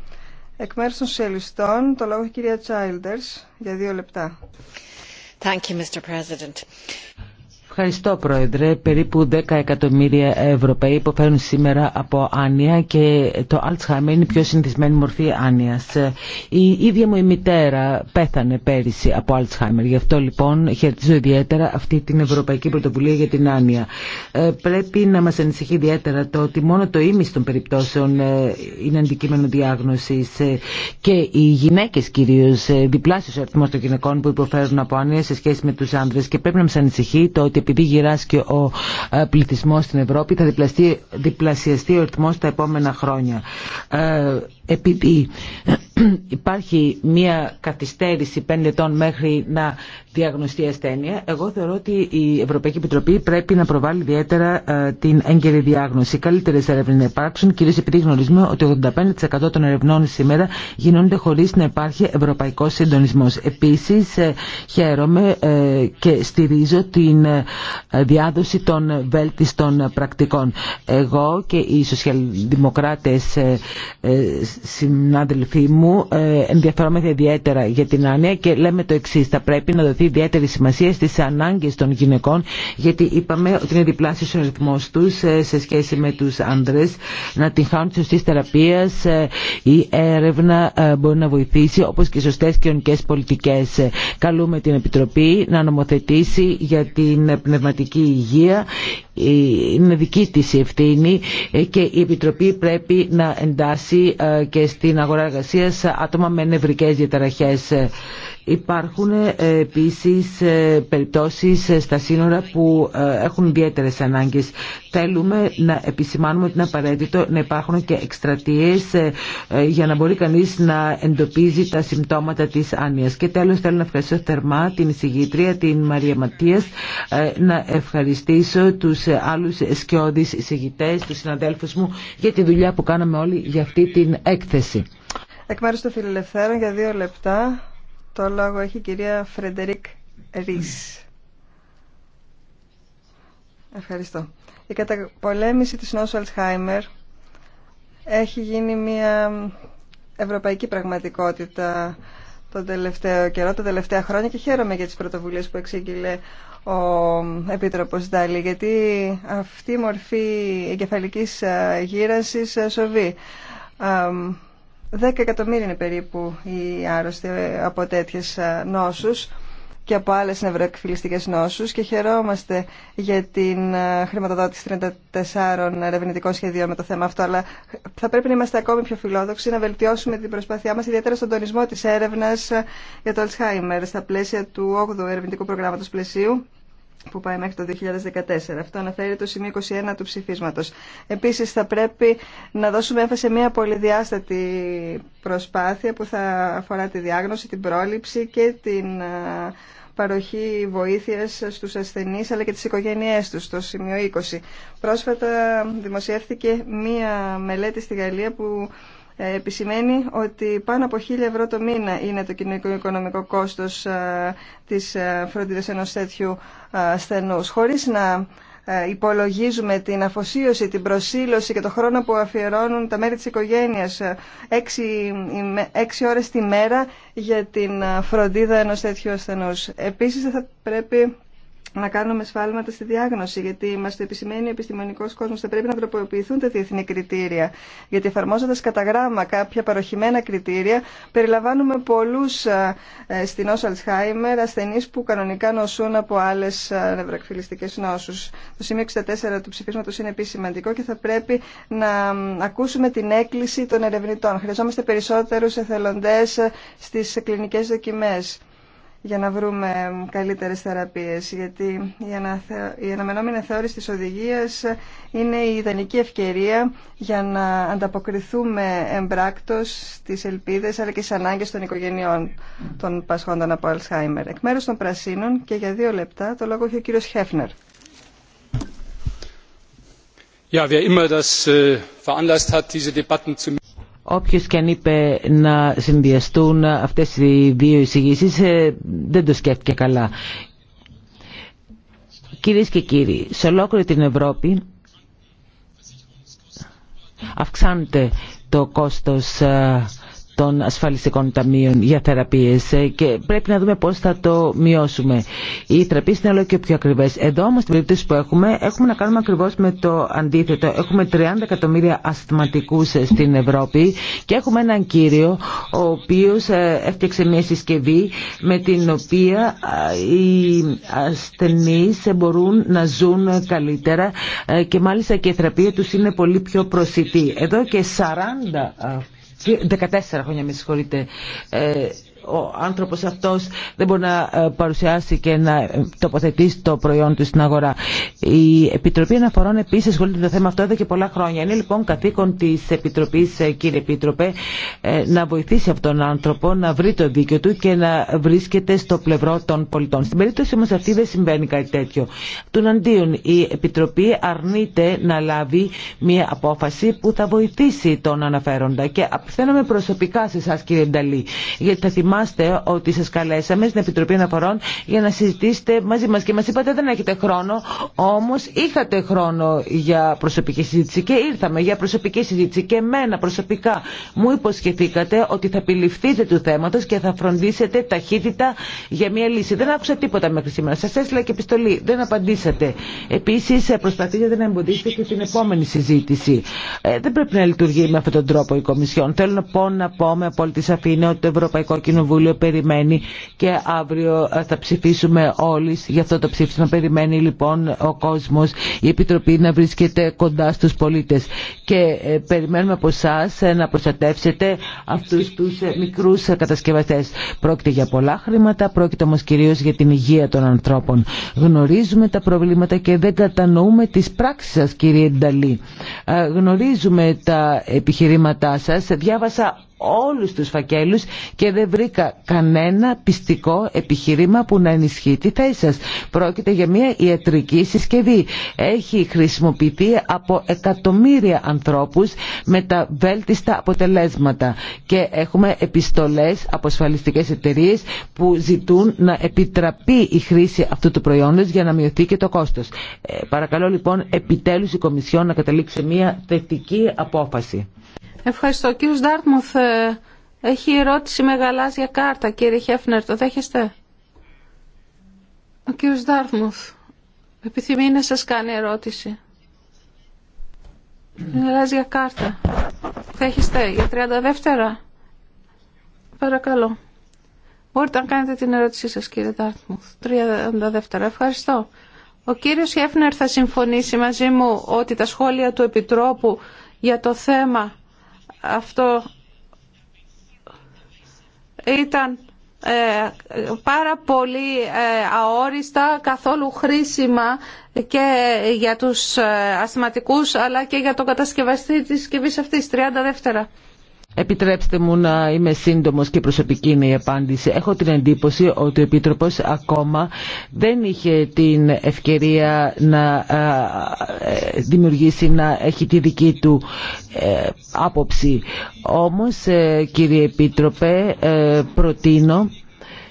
Εκ μέρους των σοσιαλιστών, το λόγο κυρία Childers για δύο λεπτά. Thank you, Mr. President. Ευχαριστώ Πρόεδρε. Περίπου 10 εκατομμύρια Ευρωπαίοι υποφέρουν σήμερα από άνοια και το Alzheimer είναι η πιο συνηθισμένη μορφή άνοιας. Η ίδια μου η μητέρα πέθανε πέρυσι από Alzheimer. Γι' αυτό λοιπόν χαιρετίζω ιδιαίτερα αυτή την Ευρωπαϊκή Πρωτοβουλία για την άνοια. Ε, πρέπει να μας ανησυχεί ιδιαίτερα το ότι μόνο το ίμιση των περιπτώσεων ε, είναι αντικείμενο διάγνωσης ε, και οι γυναίκες κυρίως διπλάσιος αριθμό των γυναικών που υποφέρουν από άνοια σε σχέση με τους άνδρες και πρέπει να ανησυχεί το ότι επειδή γυράσκει ο ε, πληθυσμό στην Ευρώπη θα διπλασιαστεί ο ρυθμό τα επόμενα χρόνια. Ε, επειδή υπάρχει μια καθυστέρηση πέντε ετών μέχρι να διαγνωστεί ασθένεια, εγώ θεωρώ ότι η Ευρωπαϊκή Επιτροπή πρέπει να προβάλλει ιδιαίτερα ε, την έγκαιρη διάγνωση. Καλύτερε έρευνε να υπάρξουν, κυρίω επειδή γνωρίζουμε ότι 85% των ερευνών σήμερα γίνονται χωρί να υπάρχει ευρωπαϊκό συντονισμό. Επίση, ε, χαίρομαι ε, και στηρίζω την διάδοση των βέλτιστων πρακτικών. Εγώ και οι σοσιαλδημοκράτε συνάδελφοί μου μου ε, ενδιαφερόμεθα ιδιαίτερα για την άνοια και λέμε το εξή. Θα πρέπει να δοθεί ιδιαίτερη σημασία στι ανάγκε των γυναικών, γιατί είπαμε ότι είναι διπλάσιο ο ρυθμό του ε, σε σχέση με του άντρε. Να την χάνουν σωστή θεραπεία, ε, η έρευνα μπορεί να βοηθήσει, όπω και σωστέ κοινωνικέ πολιτικέ. Καλούμε την Επιτροπή να νομοθετήσει για την πνευματική υγεία. Είναι δική τη η ευθύνη και η Επιτροπή πρέπει να εντάσει και στην αγορά εργασία άτομα με νευρικές διαταραχές. Υπάρχουν ε, επίσης ε, περιπτώσεις ε, στα σύνορα που έχουν ιδιαίτερε ανάγκες. Θέλουμε να επισημάνουμε ότι είναι απαραίτητο να υπάρχουν και εκστρατείες για να μπορεί κανείς να εντοπίζει τα συμπτώματα της άνοιας. Και τέλος θέλω να ευχαριστήσω θερμά την εισηγήτρια, την Μαρία Ματίας, να ευχαριστήσω τους άλλους σκιώδεις εισηγητές, τους συναδέλφους μου για τη δουλειά που κάναμε όλοι για αυτή την έκθεση. Εκ μέρους των Φιλελευθέρων για δύο λεπτά το λόγο έχει η κυρία Φρεντερίκ Ρίς. Ευχαριστώ. Η καταπολέμηση της νόσου Αλτσχάιμερ έχει γίνει μια ευρωπαϊκή πραγματικότητα τον τελευταίο καιρό, τα τελευταία χρόνια και χαίρομαι για τις πρωτοβουλίες που εξήγηλε ο Επίτροπος Ντάλι γιατί αυτή η μορφή εγκεφαλικής γύρανσης σοβεί 10 εκατομμύρια είναι περίπου οι άρρωστοι ε, από τέτοιε νόσου και από άλλε νευροεκφυλιστικέ νόσου και χαιρόμαστε για την ε, χρηματοδότηση 34 ερευνητικών σχεδίων με το θέμα αυτό αλλά θα πρέπει να είμαστε ακόμη πιο φιλόδοξοι να βελτιώσουμε την προσπάθειά μα ιδιαίτερα στον τονισμό τη έρευνα ε, για το Alzheimer στα πλαίσια του 8ου ερευνητικού προγράμματο πλαισίου που πάει μέχρι το 2014. Αυτό αναφέρει το σημείο 21 του ψηφίσματος. Επίσης θα πρέπει να δώσουμε έμφαση σε μια πολυδιάστατη προσπάθεια που θα αφορά τη διάγνωση, την πρόληψη και την παροχή βοήθειας στους ασθενείς αλλά και τις οικογένειές τους, το σημείο 20. Πρόσφατα δημοσιεύθηκε μία μελέτη στη Γαλλία που ε, επισημαίνει ότι πάνω από 1.000 ευρώ το μήνα είναι το κοινωνικό οικονομικό κόστος ε, της ε, φροντίδας ενός τέτοιου ασθενούς, χωρίς να υπολογίζουμε την αφοσίωση, την προσήλωση και το χρόνο που αφιερώνουν τα μέρη της οικογένειας έξι, έξι ώρες τη μέρα για την φροντίδα ενός τέτοιου ασθενούς. Επίσης θα πρέπει να κάνουμε σφάλματα στη διάγνωση, γιατί μα το επισημαίνει ο επιστημονικό κόσμο. Θα πρέπει να τροποποιηθούν τα διεθνή κριτήρια. Γιατί εφαρμόζοντα κατά γράμμα κάποια παροχημένα κριτήρια, περιλαμβάνουμε πολλού ε, στην νόσο Αλτσχάιμερ ασθενεί που κανονικά νοσούν από άλλε νευροεκφυλιστικέ νόσου. Το σημείο 64 του ψηφίσματο είναι επίση σημαντικό και θα πρέπει να ακούσουμε την έκκληση των ερευνητών. Χρειαζόμαστε περισσότερου εθελοντέ ε, στι κλινικέ δοκιμέ για να βρούμε καλύτερες θεραπείες, γιατί η, η αναμενόμενη θεώρηση της οδηγίας είναι η ιδανική ευκαιρία για να ανταποκριθούμε εμπράκτος στις ελπίδες αλλά και στις ανάγκες των οικογενειών των πασχόντων από Αλσχάιμερ. Εκ μέρους των Πρασίνων και για δύο λεπτά το λόγο έχει ο κύριος Χέφνερ. Ja, wer immer das äh, veranlasst hat, diese Debatten zu Όποιος και αν είπε να συνδυαστούν αυτές οι δύο εισηγήσεις ε, δεν το σκέφτηκε καλά. Κυρίες και κύριοι, σε ολόκληρη την Ευρώπη αυξάνεται το κόστος ε, των ασφαλιστικών ταμείων για θεραπείες ε, και πρέπει να δούμε πώς θα το μειώσουμε. Οι θεραπείες είναι όλο και πιο ακριβές. Εδώ όμως την περίπτωση που έχουμε, έχουμε να κάνουμε ακριβώς με το αντίθετο. Έχουμε 30 εκατομμύρια ασθματικούς ε, στην Ευρώπη και έχουμε έναν κύριο ο οποίος ε, έφτιαξε μια συσκευή με την οποία οι ασθενείς μπορούν να ζουν καλύτερα και μάλιστα και η θεραπεία τους είναι πολύ πιο προσιτή. Εδώ και 40 14 χρόνια με συγχωρείτε, ε, ο άνθρωπος αυτός δεν μπορεί να ε, παρουσιάσει και να ε, τοποθετήσει το προϊόν του στην αγορά. Η Επιτροπή Αναφορών επίσης ασχολείται με το θέμα αυτό εδώ και πολλά χρόνια. Είναι λοιπόν καθήκον της Επιτροπής, ε, κύριε Επίτροπε, να βοηθήσει αυτόν τον άνθρωπο να βρει το δίκιο του και να βρίσκεται στο πλευρό των πολιτών. Στην περίπτωση όμως αυτή δεν συμβαίνει κάτι τέτοιο. Τουναντίον η Επιτροπή αρνείται να λάβει μια απόφαση που θα βοηθήσει τον αναφέροντα και απευθύνομαι προσωπικά σε εσά κύριε Νταλή γιατί θα θυμάστε ότι σας καλέσαμε στην Επιτροπή Αναφορών για να συζητήσετε μαζί μας και μας είπατε δεν έχετε χρόνο, όμως είχατε χρόνο για προσωπική συζήτηση και ήρθαμε για προσωπική συζήτηση και εμένα προσωπικά μου υποσχεθήκατε ότι θα επιληφθείτε του θέματος και θα φροντίσετε ταχύτητα για μια λύση. Δεν άκουσα τίποτα μέχρι σήμερα. Σας έστειλα και επιστολή. Δεν απαντήσατε. Επίσης προσπαθήσατε να εμποδίσετε και την επόμενη συζήτηση. Ε, δεν πρέπει να λειτουργεί με αυτόν τον τρόπο η Κομισιόν. Θέλω να πω, να πω με απόλυτη σαφήνεια ότι το Ευρωπαϊκό Κοινοβούλιο Κοινοβούλιο περιμένει και αύριο θα ψηφίσουμε όλοι για αυτό το ψήφισμα. Περιμένει λοιπόν ο κόσμος, η Επιτροπή να βρίσκεται κοντά στους πολίτες και ε, περιμένουμε από εσά ε, να προστατεύσετε αυτούς τους ε, μικρούς κατασκευαστές. Πρόκειται για πολλά χρήματα, πρόκειται όμως κυρίως για την υγεία των ανθρώπων. Γνωρίζουμε τα προβλήματα και δεν κατανοούμε τις πράξεις σας κύριε Νταλή. Γνωρίζουμε τα επιχειρήματά σας. Διάβασα όλους τους φακέλους και δεν βρήκα κανένα πιστικό επιχείρημα που να ενισχύει τη θέση σας. Πρόκειται για μια ιατρική συσκευή. Έχει χρησιμοποιηθεί από εκατομμύρια ανθρώπους με τα βέλτιστα αποτελέσματα και έχουμε επιστολές από ασφαλιστικές εταιρείε που ζητούν να επιτραπεί η χρήση αυτού του προϊόντος για να μειωθεί και το κόστος. Ε, παρακαλώ λοιπόν επιτέλους η Κομισιόν να καταλήξει μια θετική απόφαση. Ευχαριστώ. Ο κύριος Ντάρτμουθ ε, έχει ερώτηση με γαλάζια κάρτα. Κύριε Χέφνερ, το δέχεστε. Ο κύριος Ντάρτμουθ επιθυμεί να σας κάνει ερώτηση. Με γαλάζια κάρτα. Δέχεστε για 32 δεύτερα. Παρακαλώ. Μπορείτε να κάνετε την ερώτησή σας κύριε Ντάρτμουθ. Ντάρθμουθ. δεύτερα. Ευχαριστώ. Ο κύριος Χέφνερ θα συμφωνήσει μαζί μου ότι τα σχόλια του Επιτρόπου για το θέμα αυτό ήταν ε, πάρα πολύ ε, αόριστα, καθόλου χρήσιμα και για τους ε, ασθηματικούς αλλά και για τον κατασκευαστή της συσκευής αυτής. 30 δεύτερα. Επιτρέψτε μου να είμαι σύντομος και προσωπική είναι η απάντηση. Έχω την εντύπωση ότι ο Επίτροπος ακόμα δεν είχε την ευκαιρία να ε, ε, δημιουργήσει, να έχει τη δική του ε, άποψη. Όμως, κύριε Επίτροπε, προτείνω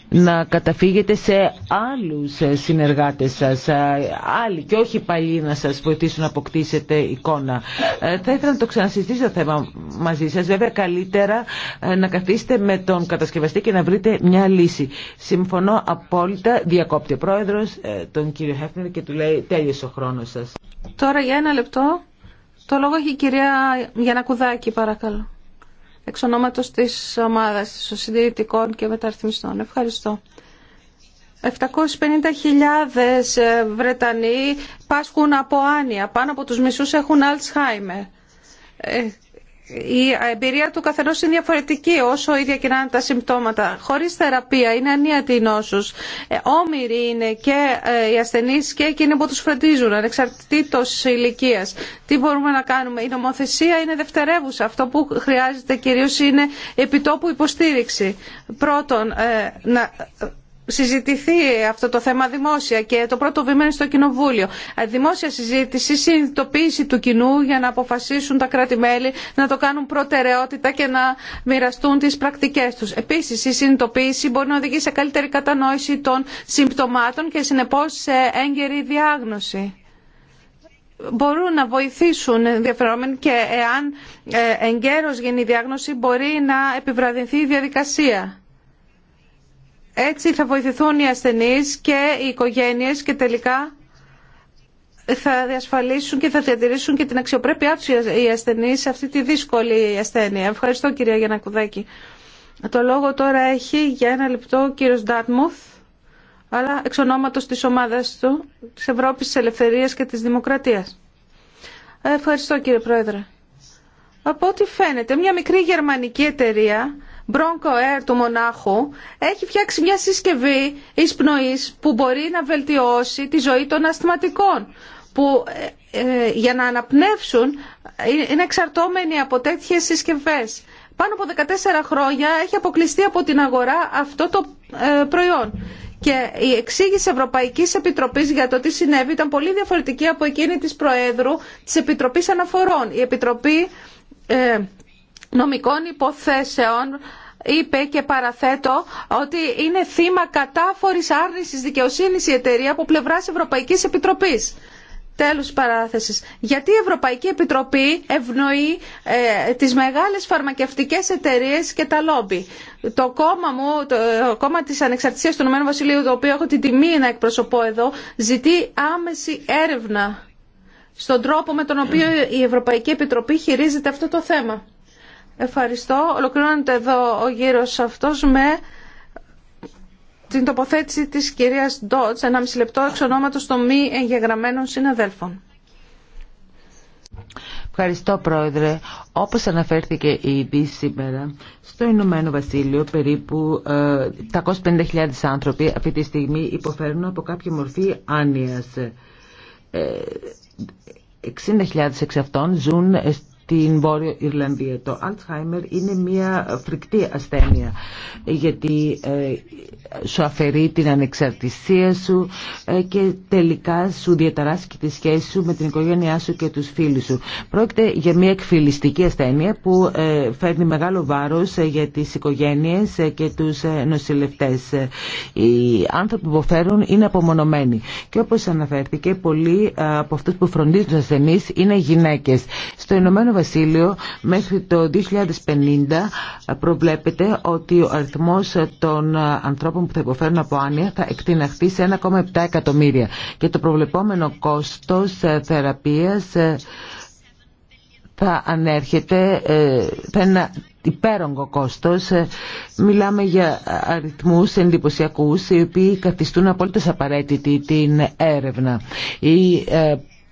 να καταφύγετε σε άλλους ε, συνεργάτες σας, ε, άλλοι και όχι παλιοί να σας βοηθήσουν να αποκτήσετε εικόνα. Ε, θα ήθελα να το ξανασυζητήσω το θέμα μαζί σας. Βέβαια καλύτερα να καθίσετε με τον κατασκευαστή και να βρείτε μια λύση. Συμφωνώ απόλυτα, διακόπτει ο πρόεδρος τον κύριο Χέφνερ και του λέει τέλειωσε ο χρόνος σας. Τώρα για ένα λεπτό το λόγο έχει η κυρία Γιανακουδάκη παρακαλώ εξ ονόματος της ομάδας των συντηρητικών και μεταρρυθμιστών. Ευχαριστώ. 750.000 ε, Βρετανοί πάσχουν από άνοια. Πάνω από τους μισούς έχουν Αλτσχάιμερ η εμπειρία του καθενό είναι διαφορετική, όσο ίδια και τα συμπτώματα. Χωρί θεραπεία είναι ανίατη η νόσου. Ε, όμοιροι είναι και ε, οι ασθενεί και εκείνοι που του φροντίζουν, ανεξαρτήτω ηλικία. Τι μπορούμε να κάνουμε. Η νομοθεσία είναι δευτερεύουσα. Αυτό που χρειάζεται κυρίω είναι επιτόπου υποστήριξη. Πρώτον, ε, να συζητηθεί αυτό το θέμα δημόσια και το πρώτο βήμα είναι στο Κοινοβούλιο. Ε, δημόσια συζήτηση, συνειδητοποίηση του κοινού για να αποφασίσουν τα κράτη-μέλη να το κάνουν προτεραιότητα και να μοιραστούν τις πρακτικές τους. Επίσης, η συνειδητοποίηση μπορεί να οδηγεί σε καλύτερη κατανόηση των συμπτωμάτων και συνεπώ σε έγκαιρη διάγνωση μπορούν να βοηθήσουν ενδιαφερόμενοι και εάν ε, εγκαίρως γίνει η διάγνωση μπορεί να επιβραδυνθεί η διαδικασία. Έτσι θα βοηθηθούν οι ασθενείς και οι οικογένειες και τελικά θα διασφαλίσουν και θα διατηρήσουν και την αξιοπρέπειά τους οι ασθενείς σε αυτή τη δύσκολη ασθένεια. Ευχαριστώ κυρία Γιανακουδάκη. Το λόγο τώρα έχει για ένα λεπτό ο κύριος Ντάτμουθ αλλά εξ ονόματος της ομάδας του, της Ευρώπης της Ελευθερίας και της Δημοκρατίας. Ευχαριστώ κύριε Πρόεδρε. Από ό,τι φαίνεται, μια μικρή γερμανική εταιρεία Bronco Air του Μονάχου έχει φτιάξει μια συσκευή εισπνοής που μπορεί να βελτιώσει τη ζωή των ασθηματικών που ε, ε, για να αναπνεύσουν ε, είναι εξαρτώμενοι από τέτοιες συσκευές. Πάνω από 14 χρόνια έχει αποκλειστεί από την αγορά αυτό το προϊόν. Και η εξήγηση Ευρωπαϊκή Επιτροπή για το τι συνέβη ήταν πολύ διαφορετική από εκείνη τη Προέδρου τη Επιτροπή Αναφορών. Η Επιτροπή νομικών υποθέσεων είπε και παραθέτω ότι είναι θύμα κατάφορης άρνησης δικαιοσύνης η εταιρεία από πλευράς Ευρωπαϊκής Επιτροπής. Τέλος παράθεσης. Γιατί η Ευρωπαϊκή Επιτροπή ευνοεί ε, τις μεγάλες φαρμακευτικές εταιρείες και τα λόμπι. Το κόμμα μου, το κόμμα της Ανεξαρτησίας του Ηνωμένου Βασιλείου, το οποίο έχω την τιμή να εκπροσωπώ εδώ, ζητεί άμεση έρευνα στον τρόπο με τον οποίο η Ευρωπαϊκή Επιτροπή χειρίζεται αυτό το θέμα. Ευχαριστώ. Ολοκληρώνεται εδώ ο γύρος αυτός με την τοποθέτηση της κυρίας Ντότς, μισή λεπτό, εξ ονόματος των μη εγγεγραμμένων συναδέλφων. Ευχαριστώ Πρόεδρε. Όπως αναφέρθηκε ήδη σήμερα, στο Ηνωμένο Βασίλειο περίπου 750.000 ε, άνθρωποι αυτή τη στιγμή υποφέρουν από κάποια μορφή άνοιας. Ε, 60.000 εξ αυτών ζουν την Βόρεια Ιρλανδία. Το Αλτσχάιμερ είναι μια φρικτή ασθένεια γιατί ε, σου αφαιρεί την ανεξαρτησία σου ε, και τελικά σου διαταράσκει τη σχέση σου με την οικογένειά σου και τους φίλους σου. Πρόκειται για μια εκφυλιστική ασθένεια που ε, φέρνει μεγάλο βάρος για τις οικογένειες και τους νοσηλευτές. Οι άνθρωποι που φέρουν είναι απομονωμένοι και όπως αναφέρθηκε πολλοί από αυτούς που φροντίζουν ασθενείς είναι γυναίκες. Στο Ηνωμένο μέχρι το 2050 προβλέπεται ότι ο αριθμός των ανθρώπων που θα υποφέρουν από άνοια θα εκτιναχθεί σε 1,7 εκατομμύρια και το προβλεπόμενο κόστος θεραπείας ε, θα ανέρχεται, ε, θα είναι υπέρογκο κόστος. Ε, μιλάμε για αριθμούς εντυπωσιακούς οι οποίοι καθιστούν απόλυτα απαραίτητη την έρευνα. Η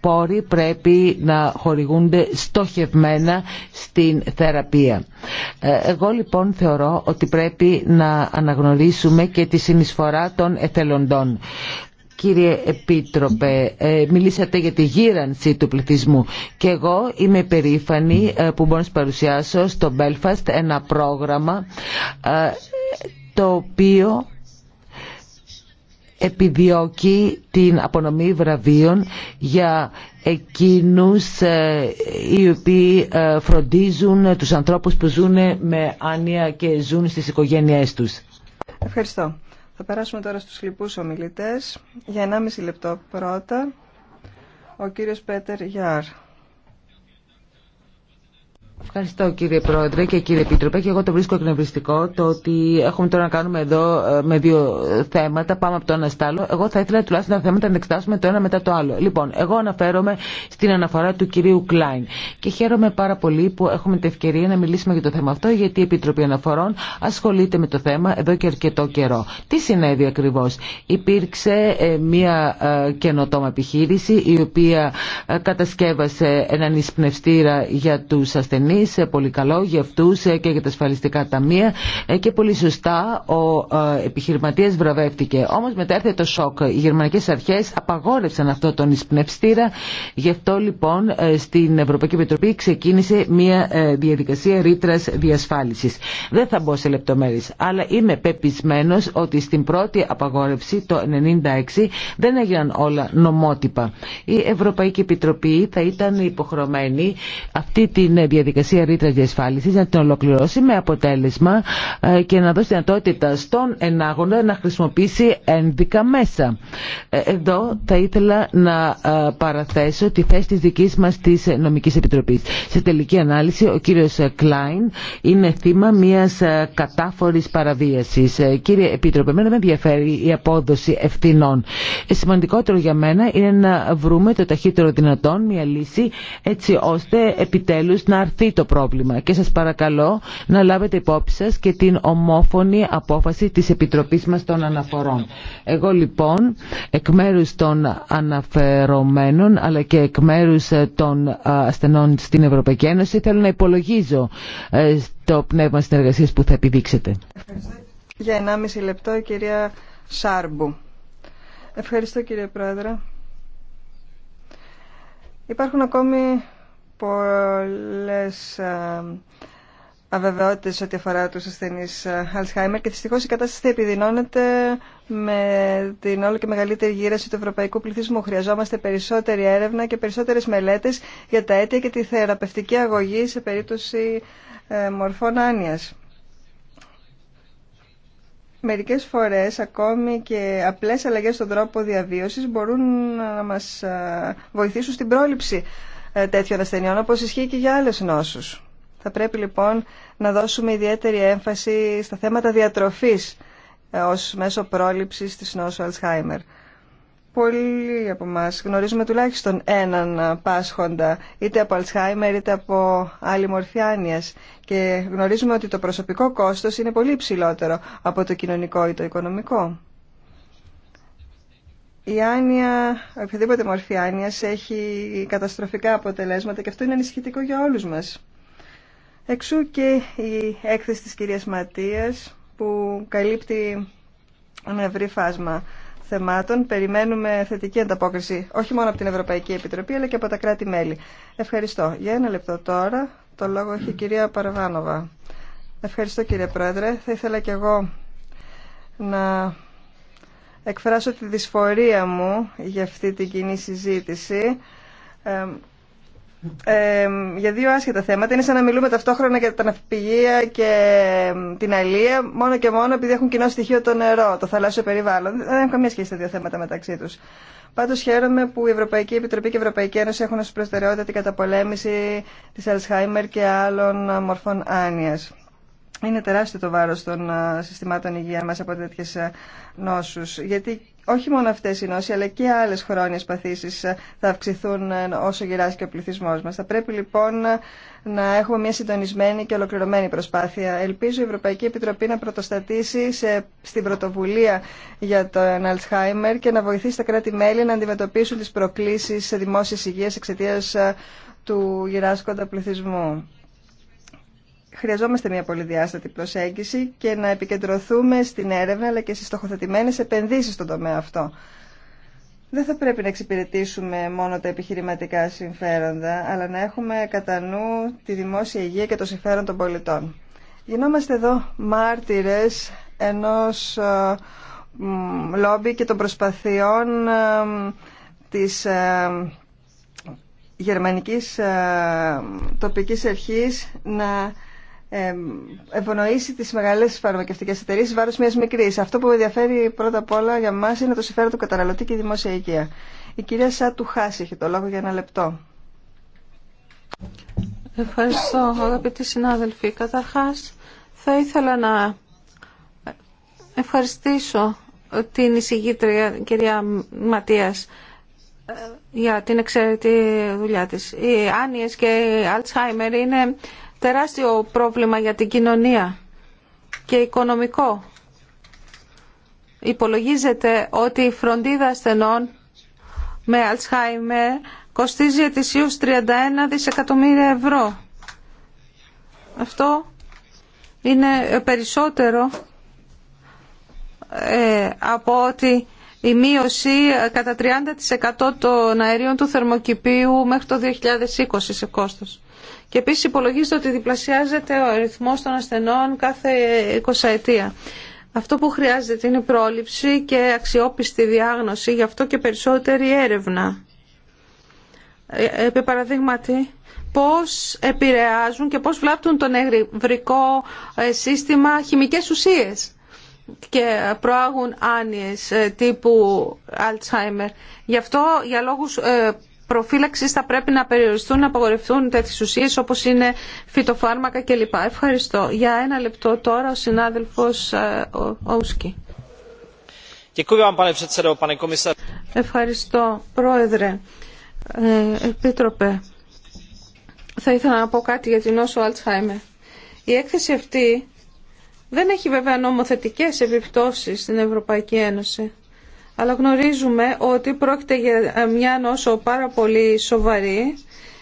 πόροι πρέπει να χορηγούνται στοχευμένα στην θεραπεία. Ε, εγώ λοιπόν θεωρώ ότι πρέπει να αναγνωρίσουμε και τη συνεισφορά των εθελοντών. Κύριε Επίτροπε, ε, μιλήσατε για τη γύρανση του πληθυσμού και εγώ είμαι περήφανη ε, που μπορώ να σας παρουσιάσω στο Belfast ένα πρόγραμμα το οποίο επιδιώκει την απονομή βραβείων για εκείνους ε, οι οποίοι ε, φροντίζουν τους ανθρώπους που ζουν με άνοια και ζουν στις οικογένειές τους. Ευχαριστώ. Θα περάσουμε τώρα στους λοιπούς ομιλητές. Για 1,5 λεπτό πρώτα, ο κύριος Πέτερ Γιάρ. Ευχαριστώ κύριε Πρόεδρε και κύριε Επίτροπε και εγώ το βρίσκω εκνευριστικό το ότι έχουμε τώρα να κάνουμε εδώ ε, με δύο θέματα, πάμε από το ένα στο άλλο. Εγώ θα ήθελα τουλάχιστον τα θέματα να εξετάσουμε το ένα μετά το άλλο. Λοιπόν, εγώ αναφέρομαι στην αναφορά του κυρίου Κλάιν και χαίρομαι πάρα πολύ που έχουμε την ευκαιρία να μιλήσουμε για το θέμα αυτό γιατί η Επιτροπή Αναφορών ασχολείται με το θέμα εδώ και αρκετό καιρό. Τι συνέβη ακριβώ. Υπήρξε ε, μια ε, καινοτόμα επιχείρηση η οποία κατασκεύασε έναν εισπνευστήρα για του ασθενεί ε, πολύ καλό για αυτούς ε, και για τα ασφαλιστικά ταμεία ε, και πολύ σωστά ο επιχειρηματίας βραβεύτηκε. Όμως μετά έρθε το σοκ. Οι γερμανικές αρχές απαγόρευσαν αυτό τον εισπνευστήρα. Γι' αυτό λοιπόν στην Ευρωπαϊκή Επιτροπή ξεκίνησε μια διαδικασία ρήτρα διασφάλισης. Δεν θα μπω σε λεπτομέρειες, αλλά είμαι πεπισμένος ότι στην πρώτη απαγόρευση το 1996 δεν έγιναν όλα νομότυπα. Η Ευρωπαϊκή Επιτροπή θα ήταν υποχρεωμένη αυτή τη διαδικασία διαδικασία ρήτρα διασφάλιση, να την ολοκληρώσει με αποτέλεσμα ε, και να δώσει δυνατότητα στον ενάγοντα να χρησιμοποιήσει ένδικα μέσα. Ε, εδώ θα ήθελα να ε, παραθέσω τη θέση τη δική μα τη νομική επιτροπή. Σε τελική ανάλυση, ο κύριο Κλάιν είναι θύμα μια κατάφορη παραβίαση. Κύριε Επίτροπε, εμένα με ενδιαφέρει η απόδοση ευθυνών. Σημαντικότερο για μένα είναι να βρούμε το ταχύτερο δυνατόν μια λύση έτσι ώστε επιτέλους να αρθεί το πρόβλημα και σας παρακαλώ να λάβετε υπόψη σας και την ομόφωνη απόφαση της Επιτροπής μας των Αναφορών. Εγώ λοιπόν εκ μέρους των αναφερομένων αλλά και εκ μέρους ε, των ε, ασθενών στην Ευρωπαϊκή Ένωση θέλω να υπολογίζω ε, το πνεύμα συνεργασίας που θα επιδείξετε. Για 1,5 λεπτό η κυρία Σάρμπου. Ευχαριστώ κύριε Πρόεδρε. Υπάρχουν ακόμη πολλές ε, αβεβαιότητες ό,τι αφορά τους ασθενείς ε, Alzheimer και δυστυχώς η κατάσταση θα επιδεινώνεται με την όλο και μεγαλύτερη γύραση του ευρωπαϊκού πληθυσμού. Χρειαζόμαστε περισσότερη έρευνα και περισσότερες μελέτες για τα αίτια και τη θεραπευτική αγωγή σε περίπτωση ε, μορφών άνοιας. Μερικές φορές ακόμη και απλές αλλαγές στον τρόπο διαβίωσης μπορούν να μας βοηθήσουν στην πρόληψη ε, τέτοιων ασθενειών, όπως ισχύει και για άλλες νόσους. Θα πρέπει λοιπόν να δώσουμε ιδιαίτερη έμφαση στα θέματα διατροφής ε, ως μέσο πρόληψης της νόσου Αλσχάιμερ. Πολλοί από εμά γνωρίζουμε τουλάχιστον έναν ε, πάσχοντα, είτε από Αλσχάιμερ είτε από άλλη μορφή άνοιας. Και γνωρίζουμε ότι το προσωπικό κόστος είναι πολύ υψηλότερο από το κοινωνικό ή το οικονομικό. Η άνοια, οποιαδήποτε μορφή άνοια, έχει καταστροφικά αποτελέσματα και αυτό είναι ανησυχητικό για όλους μας. Εξού και η έκθεση της κυρίας Ματίας που καλύπτει ένα ευρύ φάσμα θεμάτων. Περιμένουμε θετική ανταπόκριση όχι μόνο από την Ευρωπαϊκή Επιτροπή αλλά και από τα κράτη-μέλη. Ευχαριστώ. Για ένα λεπτό τώρα το λόγο έχει η κυρία Παραβάνοβα. Ευχαριστώ κύριε Πρόεδρε. Θα ήθελα κι εγώ να εκφράσω τη δυσφορία μου για αυτή την κοινή συζήτηση ε, για δύο άσχετα θέματα. Είναι σαν να μιλούμε ταυτόχρονα για τα ναυπηγεία και την αλία μόνο και μόνο επειδή έχουν κοινό στοιχείο το νερό, το θαλάσσιο περιβάλλον. Δεν έχουν καμία σχέση τα δύο θέματα μεταξύ τους. Πάντως χαίρομαι που η Ευρωπαϊκή Επιτροπή και η Ευρωπαϊκή Ένωση έχουν ω προτεραιότητα την καταπολέμηση τη Αλσχάιμερ και άλλων μορφών άνοια. Είναι τεράστιο το βάρος των ε, συστημάτων υγεία μας από τέτοιες ε, νόσους, γιατί όχι μόνο αυτές οι νόσοι, αλλά και άλλες χρόνιες παθήσεις ε, θα αυξηθούν όσο γυράσκει ο πληθυσμός μας. Θα πρέπει λοιπόν να έχουμε μια συντονισμένη και ολοκληρωμένη προσπάθεια. Ελπίζω η Ευρωπαϊκή Επιτροπή να πρωτοστατήσει σε, στην πρωτοβουλία για τον Αλτσχάιμερ και να βοηθήσει τα κράτη-μέλη να αντιμετωπίσουν τις προκλήσεις σε δημόσιας υγείας εξαιτία του γυράσκοντα πληθυσμού χρειαζόμαστε μια πολυδιάστατη προσέγγιση και να επικεντρωθούμε στην έρευνα αλλά και στις στοχοθετημένες επενδύσεις στον τομέα αυτό. Δεν θα πρέπει να εξυπηρετήσουμε μόνο τα επιχειρηματικά συμφέροντα, αλλά να έχουμε κατά νου τη δημόσια υγεία και το συμφέρον των πολιτών. Γινόμαστε εδώ μάρτυρες ενός ε, λόμπι και των προσπαθειών ε, της ε, γερμανικής τοπικής αρχής να ευνοήσει τις μεγάλες φαρμακευτικές εταιρείε βάρο μιας μικρής. Αυτό που με ενδιαφέρει πρώτα απ' όλα για μα είναι το συμφέρον του καταναλωτή και η δημόσια υγεία. Η κυρία Σάτου Χάση έχει το λόγο για ένα λεπτό. Ευχαριστώ αγαπητοί συνάδελφοι. Καταρχάς θα ήθελα να ευχαριστήσω την εισηγήτρια κυρία Ματίας ε, για την εξαιρετική δουλειά της. Οι άνοιες και οι Αλτσχάιμερ είναι τεράστιο πρόβλημα για την κοινωνία και οικονομικό. Υπολογίζεται ότι η φροντίδα ασθενών με Αλσχάιμερ κοστίζει ετησίως 31 δισεκατομμύρια ευρώ. Αυτό είναι περισσότερο ε, από ότι η μείωση ε, κατά 30% των αερίων του θερμοκηπίου μέχρι το 2020 σε κόστος. Και επίση υπολογίζεται ότι διπλασιάζεται ο αριθμό των ασθενών κάθε 20 ετία. Αυτό που χρειάζεται είναι πρόληψη και αξιόπιστη διάγνωση, γι' αυτό και περισσότερη έρευνα. Ε, επί παραδείγματι, πώς επηρεάζουν και πώς βλάπτουν τον ευρικό ε, σύστημα χημικές ουσίες και προάγουν άνοιες ε, τύπου Alzheimer. Γι' αυτό, για λόγους Προφύλαξη θα πρέπει να περιοριστούν, να απογορευτούν τέτοιε ουσίε, όπω είναι φυτοφάρμακα κλπ. Ευχαριστώ. Για ένα λεπτό τώρα ο συνάδελφος Όουσκι. Ε, Ευχαριστώ, Πρόεδρε. Ε, επίτροπε, θα ήθελα να πω κάτι για την νόσο Αλτσχάιμερ. Η έκθεση αυτή δεν έχει βέβαια νομοθετικές επιπτώσεις στην Ευρωπαϊκή Ένωση αλλά γνωρίζουμε ότι πρόκειται για μια νόσο πάρα πολύ σοβαρή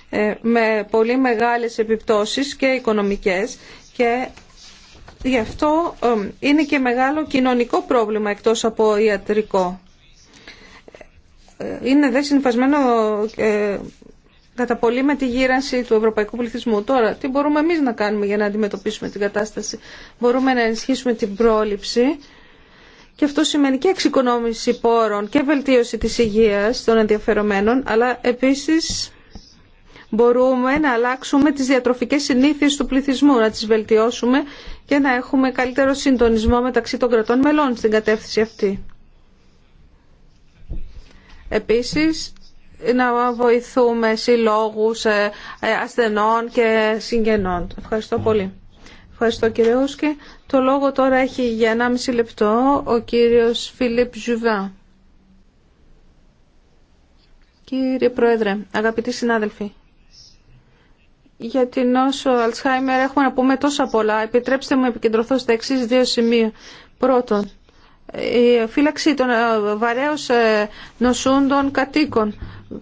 ε, με πολύ μεγάλες επιπτώσεις και οικονομικές και γι' αυτό ε, είναι και μεγάλο κοινωνικό πρόβλημα εκτός από ιατρικό. Ε, είναι δε συμφασμένο κατά πολύ με τη γύρανση του ευρωπαϊκού πληθυσμού. Τώρα, τι μπορούμε εμείς να κάνουμε για να αντιμετωπίσουμε την κατάσταση. Μπορούμε να ενισχύσουμε την πρόληψη και αυτό σημαίνει και εξοικονόμηση πόρων και βελτίωση της υγείας των ενδιαφερομένων, αλλά επίσης μπορούμε να αλλάξουμε τις διατροφικές συνήθειες του πληθυσμού, να τις βελτιώσουμε και να έχουμε καλύτερο συντονισμό μεταξύ των κρατών μελών στην κατεύθυνση αυτή. Επίσης, να βοηθούμε συλλόγους ε, ε, ασθενών και συγγενών. Ευχαριστώ πολύ. Ευχαριστώ κύριε Ούσκη. Το λόγο τώρα έχει για 1,5 λεπτό ο κύριος Φίλιπ Ζουβά. Κύριε Πρόεδρε, αγαπητοί συνάδελφοι, για την νόσο Αλτσχάιμερ έχουμε να πούμε τόσα πολλά. Επιτρέψτε μου να επικεντρωθώ στα εξή δύο σημεία. Πρώτον, η φύλαξη των ε, βαρέως ε, νοσούντων κατοίκων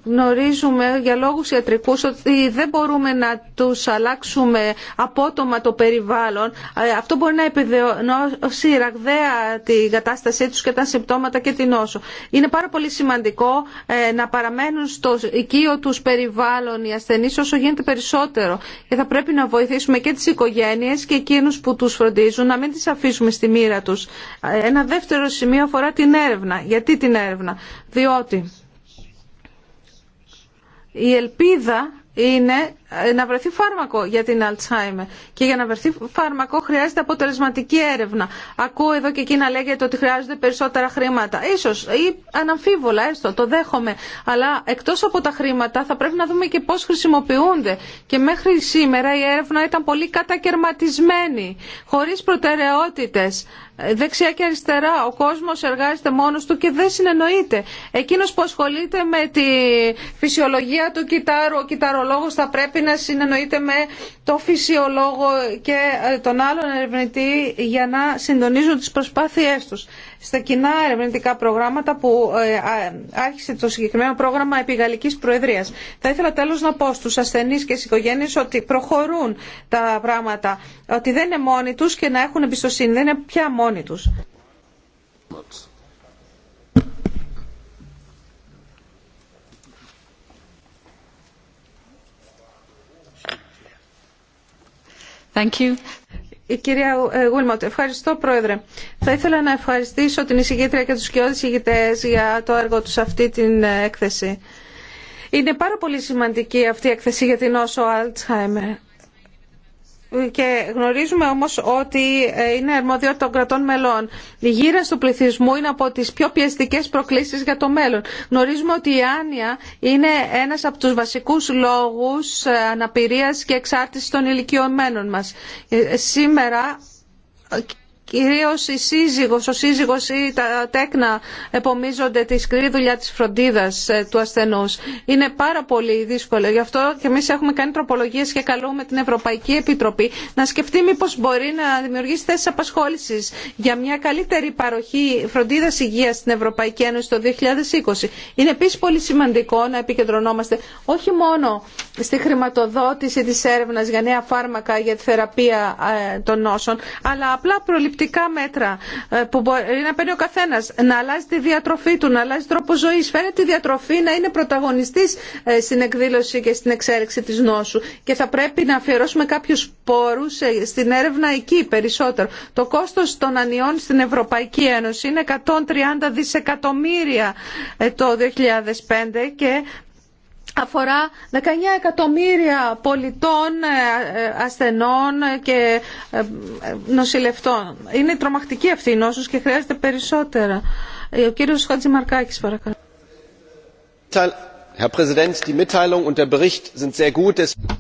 γνωρίζουμε για λόγους ιατρικούς ότι δεν μπορούμε να τους αλλάξουμε απότομα το περιβάλλον. Ε, αυτό μπορεί να επιδεώσει ραγδαία την κατάστασή τους και τα συμπτώματα και την νόσο. Είναι πάρα πολύ σημαντικό ε, να παραμένουν στο οικείο τους περιβάλλον οι ασθενείς όσο γίνεται περισσότερο. Και θα πρέπει να βοηθήσουμε και τις οικογένειες και εκείνους που τους φροντίζουν να μην τις αφήσουμε στη μοίρα τους. Ε, ένα δεύτερο σημείο αφορά την έρευνα. Γιατί την έρευνα. Διότι η ελπίδα είναι ε, να βρεθεί φάρμακο για την αλτσάιμε Και για να βρεθεί φάρμακο χρειάζεται αποτελεσματική έρευνα. Ακούω εδώ και εκεί να λέγεται ότι χρειάζονται περισσότερα χρήματα. Ίσως ή αναμφίβολα έστω, το δέχομαι. Αλλά εκτός από τα χρήματα θα πρέπει να δούμε και πώς χρησιμοποιούνται. Και μέχρι σήμερα η έρευνα ήταν αλλα εκτο κατακαιρματισμένη, χωρίς προτεραιότητες. Δεξιά και πω χρησιμοποιουνται και μεχρι σημερα η ερευνα ηταν πολυ κατακαιρματισμενη χωρις προτεραιοτητες δεξια και αριστερα ο κόσμος εργάζεται μόνος του και δεν συνεννοείται. Εκείνο που ασχολείται με τη φυσιολογία του κυτάρου, ο κυταρολόγος θα πρέπει πρέπει να συνεννοείται με το φυσιολόγο και ε, τον άλλον ερευνητή για να συντονίζουν τις προσπάθειές τους. Στα κοινά ερευνητικά προγράμματα που ε, άρχισε το συγκεκριμένο πρόγραμμα επί Γαλλικής Προεδρίας. Θα ήθελα τέλος να πω στους ασθενείς και στις οικογένειες ότι προχωρούν τα πράγματα, ότι δεν είναι μόνοι τους και να έχουν εμπιστοσύνη, δεν είναι πια μόνοι τους. Η κυρία ευχαριστώ Πρόεδρε. Θα ήθελα να ευχαριστήσω την εισηγήτρια και τους κοιόδης ηγητές για το έργο τους αυτή την έκθεση. Είναι πάρα πολύ σημαντική αυτή η έκθεση για την όσο Αλτσχάιμερ και γνωρίζουμε όμως ότι ε, είναι αρμοδιότητα των κρατών μελών. Η γύρα του πληθυσμού είναι από τις πιο πιεστικές προκλήσεις για το μέλλον. Γνωρίζουμε ότι η άνοια είναι ένας από τους βασικούς λόγους ε, αναπηρίας και εξάρτησης των ηλικιωμένων μας. Ε, σήμερα κυρίως η σύζυγος, ο σύζυγος ή τα τέκνα επομίζονται τη σκληρή δουλειά της φροντίδας ε, του ασθενούς. Είναι πάρα πολύ δύσκολο. Γι' αυτό και εμείς έχουμε κάνει τροπολογίες και καλούμε την Ευρωπαϊκή Επιτροπή να σκεφτεί μήπως μπορεί να δημιουργήσει θέσεις απασχόλησης για μια καλύτερη παροχή φροντίδας υγείας στην Ευρωπαϊκή Ένωση το 2020. Είναι επίσης πολύ σημαντικό να επικεντρωνόμαστε όχι μόνο στη χρηματοδότηση της έρευνας για νέα φάρμακα για τη θεραπεία ε, των νόσων, αλλά απλά προληπτικά προληπτικά μέτρα ε, που μπορεί να παίρνει ο καθένα, να αλλάζει τη διατροφή του, να αλλάζει τρόπο ζωή. Φαίνεται η διατροφή να είναι πρωταγωνιστή ε, στην εκδήλωση και στην εξέλιξη τη νόσου. Και θα πρέπει να αφιερώσουμε κάποιου πόρου ε, στην έρευνα εκεί περισσότερο. Το κόστο των ανιών στην Ευρωπαϊκή Ένωση είναι 130 δισεκατομμύρια το 2005 και αφορά 19 εκατομμύρια πολιτών ε, ε, ασθενών και ε, νοσηλευτών. Είναι τρομακτική αυτή η νόσος και χρειάζεται περισσότερα. Ο κύριος Χατζημαρκάκης παρακαλώ.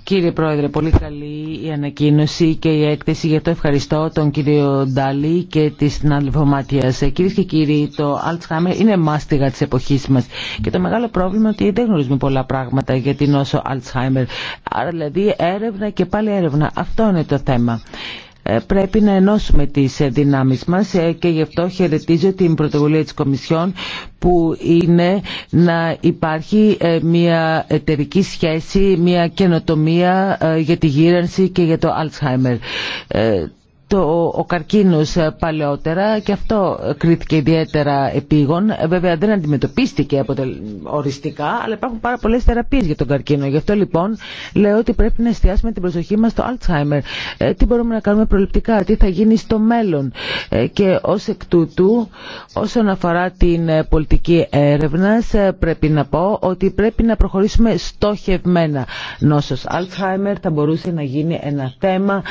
Κύριε Πρόεδρε, πολύ καλή η ανακοίνωση και η έκθεση. Γι' αυτό ευχαριστώ τον κύριο Ντάλι και τη συνάδελφο Μάτια. Ε, Κυρίε και κύριοι, το Αλτσχάιμερ είναι μάστιγα τη εποχή μα. Και το μεγάλο πρόβλημα είναι ότι δεν γνωρίζουμε πολλά πράγματα για την νόσο Αλτσχάιμερ. Άρα, δηλαδή, έρευνα και πάλι έρευνα. Αυτό είναι το θέμα. Ε, πρέπει να ενώσουμε τις ε, δυνάμεις μας ε, και γι' αυτό χαιρετίζω την πρωτοβουλία της Κομισιόν που είναι να υπάρχει μια εταιρική σχέση, μια καινοτομία για τη γύρανση και για το Alzheimer το, ο καρκίνος ε, παλαιότερα και αυτό κρίθηκε ιδιαίτερα επίγον. Ε, βέβαια δεν αντιμετωπίστηκε οριστικά, αλλά υπάρχουν πάρα πολλές θεραπείες για τον καρκίνο. Γι' αυτό λοιπόν λέω ότι πρέπει να εστιάσουμε την προσοχή μας στο Alzheimer. Ε, τι μπορούμε να κάνουμε προληπτικά, τι θα γίνει στο μέλλον. και ως εκ τούτου, όσον αφορά την πολιτική έρευνα, πρέπει να πω ότι πρέπει να προχωρήσουμε στοχευμένα. Νόσος Alzheimer θα μπορούσε να γίνει ένα θέμα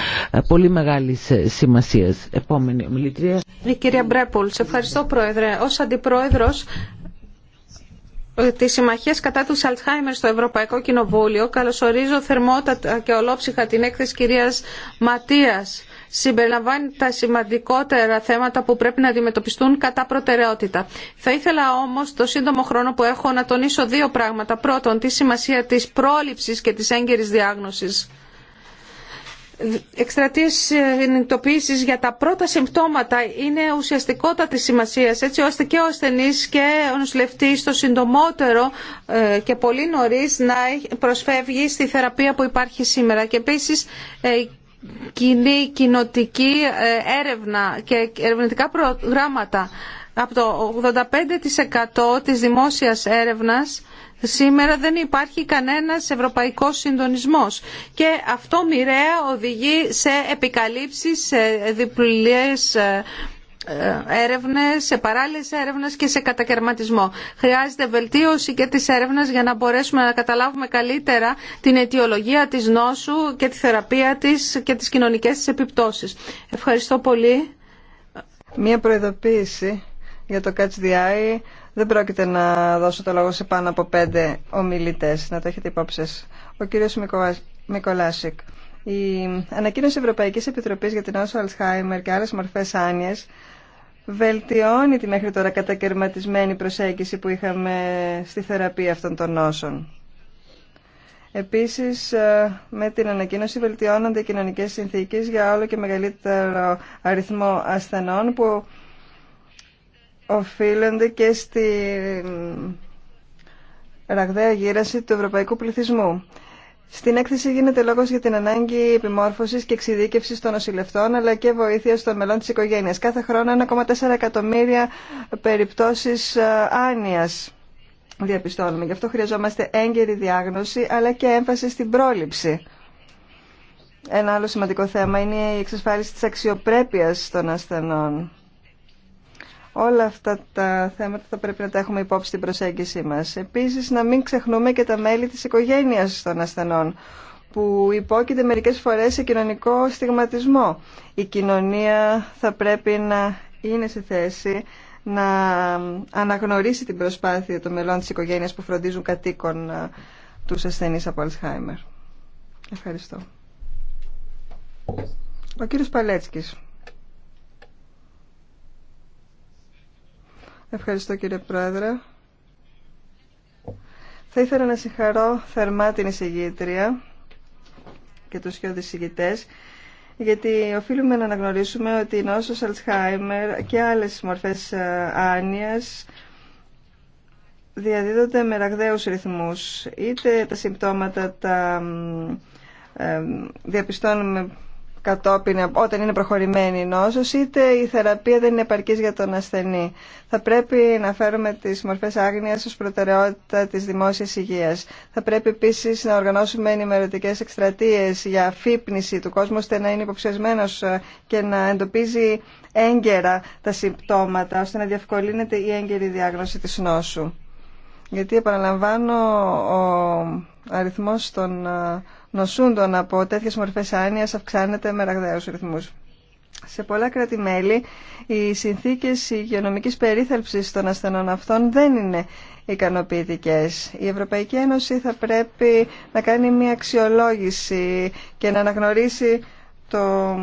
πολύ μεγάλης σημασία. Επόμενη ομιλητρία. Η κυρία Μπρέπολ, σε ευχαριστώ Πρόεδρε. Ω αντιπρόεδρο ε, τη Συμμαχία κατά του Αλτσχάιμερ στο Ευρωπαϊκό Κοινοβούλιο, καλωσορίζω θερμότατα και ολόψυχα την έκθεση κυρία Ματία. Συμπεριλαμβάνει τα σημαντικότερα θέματα που πρέπει να αντιμετωπιστούν κατά προτεραιότητα. Θα ήθελα όμω το σύντομο χρόνο που έχω να τονίσω δύο πράγματα. Πρώτον, τη σημασία τη πρόληψη και τη έγκαιρη διάγνωση εκστρατείες συνειδητοποίησης ε, για τα πρώτα συμπτώματα είναι ουσιαστικότατη σημασία, έτσι ώστε και ο ασθενή και ο νοσηλευτή, το συντομότερο ε, και πολύ νωρί να προσφεύγει στη θεραπεία που υπάρχει σήμερα. Και επίσης ε, κοινή κοινοτική έρευνα και ερευνητικά προγράμματα από το 85% της δημόσιας έρευνας Σήμερα δεν υπάρχει κανένας ευρωπαϊκός συντονισμός και αυτό μοιραία οδηγεί σε επικαλύψεις, σε διπλές ε, ε, έρευνες, σε παράλληλες έρευνες και σε κατακαιρματισμό. Χρειάζεται βελτίωση και της έρευνας για να μπορέσουμε να καταλάβουμε καλύτερα την αιτιολογία της νόσου και τη θεραπεία της και τις κοινωνικές της επιπτώσεις. Ευχαριστώ πολύ. Μία για το Catch δεν πρόκειται να δώσω το λόγο σε πάνω από πέντε ομιλητές, να το έχετε υπόψη Ο κύριος Μικολάσικ. Η ανακοίνωση Ευρωπαϊκής Επιτροπής για την Όσο Αλσχάιμερ και άλλες μορφές άνοιες βελτιώνει τη μέχρι τώρα κατακαιρματισμένη προσέγγιση που είχαμε στη θεραπεία αυτών των νόσων. Επίσης, ε, με την ανακοίνωση βελτιώνονται οι κοινωνικές συνθήκες για όλο και μεγαλύτερο αριθμό ασθενών που οφείλονται και στη ραγδαία γύραση του ευρωπαϊκού πληθυσμού. Στην έκθεση γίνεται λόγος για την ανάγκη επιμόρφωσης και εξειδίκευσης των νοσηλευτών αλλά και βοήθειας των μελών της οικογένειας. Κάθε χρόνο 1,4 εκατομμύρια περιπτώσεις ε, άνοιας διαπιστώνουμε. Γι' αυτό χρειαζόμαστε έγκαιρη διάγνωση αλλά και έμφαση στην πρόληψη. Ένα άλλο σημαντικό θέμα είναι η εξασφάλιση της αξιοπρέπειας των ασθενών. Όλα αυτά τα θέματα θα πρέπει να τα έχουμε υπόψη στην προσέγγιση μας. Επίσης, να μην ξεχνούμε και τα μέλη της οικογένειας των ασθενών, που υπόκειται μερικές φορές σε κοινωνικό στιγματισμό. Η κοινωνία θα πρέπει να είναι σε θέση να αναγνωρίσει την προσπάθεια των μελών της οικογένειας που φροντίζουν κατοίκων ε, τους ασθενείς από Αλσχάιμερ. Ευχαριστώ. Ο κύριος Παλέτσκης. Ευχαριστώ κύριε Πρόεδρε. Θα ήθελα να συγχαρώ θερμά την εισηγήτρια και τους και εισηγητές, γιατί οφείλουμε να αναγνωρίσουμε ότι η νόσος Αλτσχάιμερ και άλλες μορφές ε, άνοιας διαδίδονται με ραγδαίους ρυθμούς. Είτε τα συμπτώματα τα ε, διαπιστώνουμε κατόπιν όταν είναι προχωρημένη η νόσος είτε η θεραπεία δεν είναι επαρκής για τον ασθενή. Θα πρέπει να φέρουμε τις μορφές άγνοιας ως προτεραιότητα της δημόσιας υγείας. Θα πρέπει επίσης να οργανώσουμε ενημερωτικές εκστρατείες για αφύπνιση του κόσμου ώστε να είναι υποψιασμένο ε, και να εντοπίζει έγκαιρα τα συμπτώματα ώστε να διευκολύνεται η έγκαιρη διάγνωση της νόσου. Γιατί επαναλαμβάνω ο αριθμός των ε, νοσούντων από τέτοιες μορφές άνοιας αυξάνεται με ραγδαίους ρυθμούς. Σε πολλά κράτη-μέλη οι συνθήκες υγειονομικής περίθαλψης των ασθενών αυτών δεν είναι ικανοποιητικές. Η Ευρωπαϊκή Ένωση θα πρέπει να κάνει μια αξιολόγηση και να αναγνωρίσει το,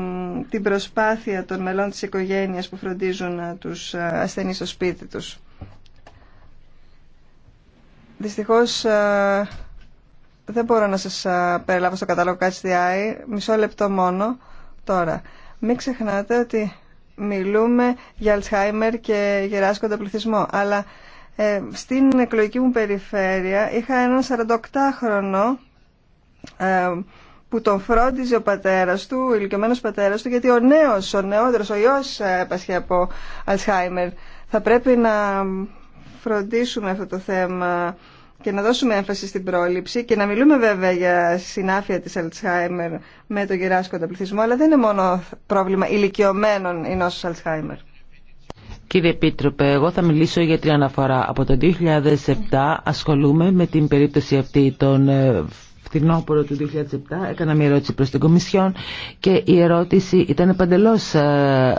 την προσπάθεια των μελών της οικογένειας που φροντίζουν τους ε, ασθενείς στο σπίτι τους. Δυστυχώς ε, δεν μπορώ να σας περιλάβω στο κατάλογο μισό λεπτό μόνο τώρα. Μην ξεχνάτε ότι μιλούμε για Αλτσχάιμερ και γεράσκοντα πληθυσμό, αλλά ε, στην εκλογική μου περιφέρεια είχα έναν 48χρονο ε, που τον φρόντιζε ο πατέρας του, ο ηλικιωμένος πατέρας του, γιατί ο νέος, ο νεότερος, ο γιος ε, έπασχε από Αλτσχάιμερ. Θα πρέπει να φροντίσουμε αυτό το θέμα και να δώσουμε έμφαση στην πρόληψη και να μιλούμε βέβαια για συνάφεια της Αλτσχάιμερ με τον γεράσκοντα πληθυσμό, αλλά δεν είναι μόνο πρόβλημα ηλικιωμένων η νόσος Αλτσχάιμερ. Κύριε Επίτροπε, εγώ θα μιλήσω για την αναφορά. Από το 2007 ασχολούμαι με την περίπτωση αυτή των ε, φθινόπωρο του 2007 έκανα μια ερώτηση προς την Κομισιόν και η ερώτηση ήταν παντελώς ε,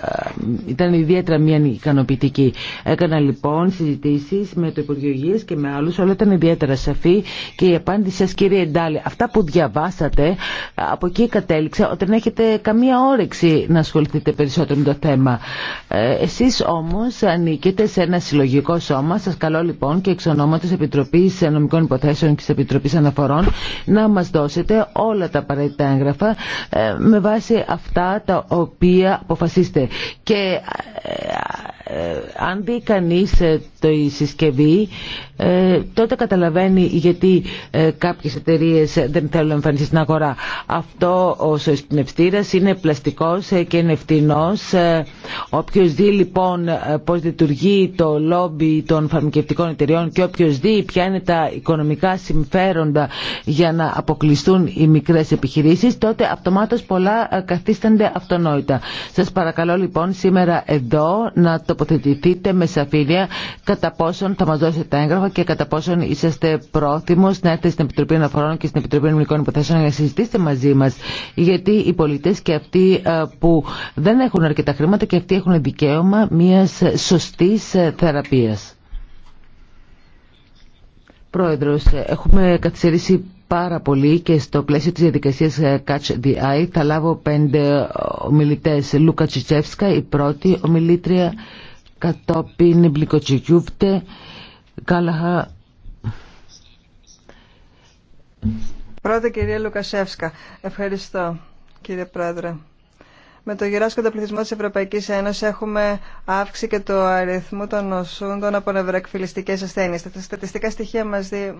ε, ήταν ιδιαίτερα μια ικανοποιητική έκανα λοιπόν συζητήσεις με το Υπουργείο Υγείας και με άλλους όλα ήταν ιδιαίτερα σαφή και η απάντηση σας κύριε Ντάλη αυτά που διαβάσατε από εκεί κατέληξα ότι δεν έχετε καμία όρεξη να ασχοληθείτε περισσότερο με το θέμα ε, εσείς όμως ανήκετε σε ένα συλλογικό σώμα σας καλώ λοιπόν και εξ ονόματος Επιτροπής Νομικών Υποθέσεων και της Επιτροπής Αναφορών να μας δώσετε όλα τα απαραίτητα έγγραφα ε, με βάση αυτά τα οποία αποφασίστε. Και ε, ε, αν δει κανείς ε, το η συσκευή ε, τότε καταλαβαίνει γιατί κάποιες εταιρείες δεν θέλουν να εμφανιστεί στην αγορά. Αυτό ο σωσπνευστήρας είναι πλαστικός και είναι φτηνός. Όποιος δει λοιπόν πώς λειτουργεί το λόμπι των φαρμακευτικών εταιρεών και όποιος δει ποια είναι τα οικονομικά συμφέροντα για να αποκλειστούν οι μικρές επιχειρήσεις τότε αυτομάτως πολλά καθίστανται αυτονόητα. Σας παρακαλώ λοιπόν σήμερα εδώ να το τοποθετηθείτε με σαφήνεια κατά πόσον θα μα δώσετε τα έγγραφα και κατά πόσον είσαστε πρόθυμο να έρθετε στην Επιτροπή Αναφορών και στην Επιτροπή Νομικών Υποθέσεων να συζητήσετε μαζί μας γιατί οι πολίτες και αυτοί ε, που δεν έχουν αρκετά χρήματα και αυτοί έχουν δικαίωμα μιας σωστή ε, θεραπείας. Πρόεδρο, ε, έχουμε καθυστερήσει πάρα πολύ και στο πλαίσιο της διαδικασία Catch the Eye θα λάβω πέντε ομιλητέ Λούκα Τσιτσεύσκα, η πρώτη ομιλήτρια κατόπιν μπλικοτσικιούπτε Κάλαχα. Πρώτα κυρία Λουκασεύσκα. Ευχαριστώ κύριε Πρόεδρε. Με το γυράσκοντα πληθυσμό τη Ευρωπαϊκή Ένωση έχουμε αύξηση και το αριθμό των νοσούντων από νευροεκφυλιστικές ασθένειε. Τα στατιστικά στοιχεία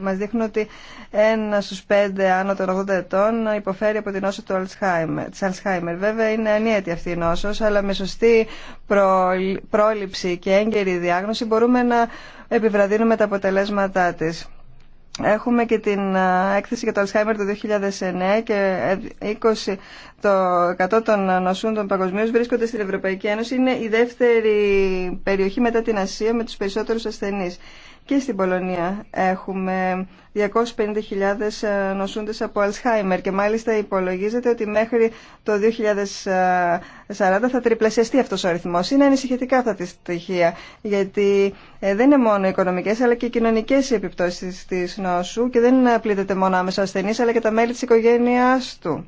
μα δείχνουν ότι ένα στου πέντε άνω των 80 ετών υποφέρει από την νόσο του Alzheimer, της Βέβαια είναι ανίατη αυτή η νόσο, αλλά με σωστή πρόληψη και έγκαιρη διάγνωση μπορούμε να επιβραδύνουμε τα αποτελέσματά της. Έχουμε και την ε, έκθεση για το Alzheimer ε, το 2009 και 20% το των νοσούν των παγκοσμίω βρίσκονται στην Ευρωπαϊκή Ένωση. Είναι η δεύτερη περιοχή μετά την Ασία με τους περισσότερους ασθενείς και στην Πολωνία έχουμε 250.000 ε, νοσούντες από Αλσχάιμερ και μάλιστα υπολογίζεται ότι μέχρι το 2040 θα τριπλασιαστεί αυτός ο αριθμός. Είναι ανησυχητικά αυτά τα στοιχεία γιατί ε, δεν είναι μόνο οι οικονομικές αλλά και οι κοινωνικές επιπτώσεις της νόσου και δεν πλήττεται μόνο άμεσα ασθενής αλλά και τα μέλη της οικογένειάς του.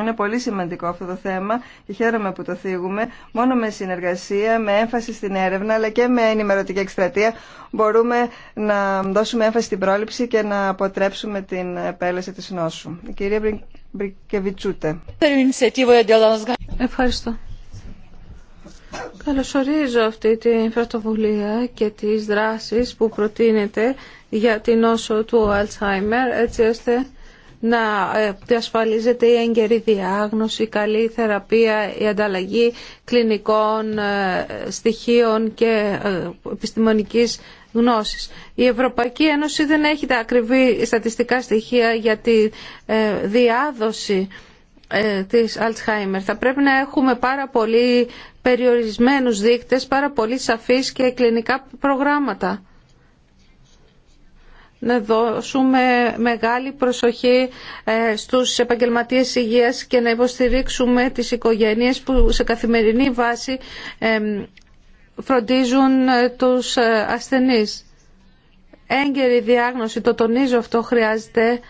Είναι πολύ σημαντικό αυτό το θέμα και χαίρομαι που το θίγουμε. Μόνο με συνεργασία, με έμφαση στην έρευνα αλλά και με ενημερωτική εκστρατεία μπορούμε να δώσουμε έμφαση στην πρόληψη και να αποτρέψουμε την επέλεση της νόσου. Η κυρία Μπρικεβιτσούτε. Ευχαριστώ. Καλωσορίζω αυτή την πρωτοβουλία και τις δράσεις που προτείνεται για την νόσο του Αλτσχάιμερ έτσι ώστε να ε, διασφαλίζεται η έγκαιρη διάγνωση, η καλή θεραπεία, η ανταλλαγή κλινικών ε, στοιχείων και ε, επιστημονικής γνώσης. Η Ευρωπαϊκή Ένωση δεν έχει τα ακριβή στατιστικά στοιχεία για τη διάδοση της Alzheimer. Θα πρέπει να έχουμε πάρα πολύ περιορισμένους δείκτες, πάρα πολύ σαφείς και κλινικά προγράμματα να δώσουμε μεγάλη προσοχή ε, στους επαγγελματίες υγείας και να υποστηρίξουμε τις οικογένειες που σε καθημερινή βάση ε, φροντίζουν ε, τους ασθενείς. Έγκαιρη διάγνωση, το τονίζω αυτό, χρειάζεται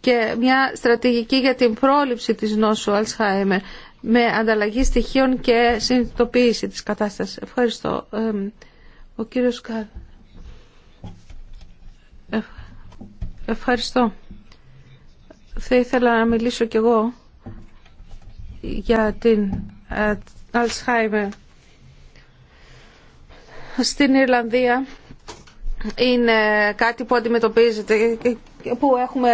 και μια στρατηγική για την πρόληψη της νόσου Αλσχάιμερ με ανταλλαγή στοιχείων και συνειδητοποίηση της κατάστασης. Ευχαριστώ. Ο κύριος Ευχαριστώ. Θα ήθελα να μιλήσω κι εγώ για την Αλσχάιμερ. Στην Ιρλανδία είναι κάτι που αντιμετωπίζεται που έχουμε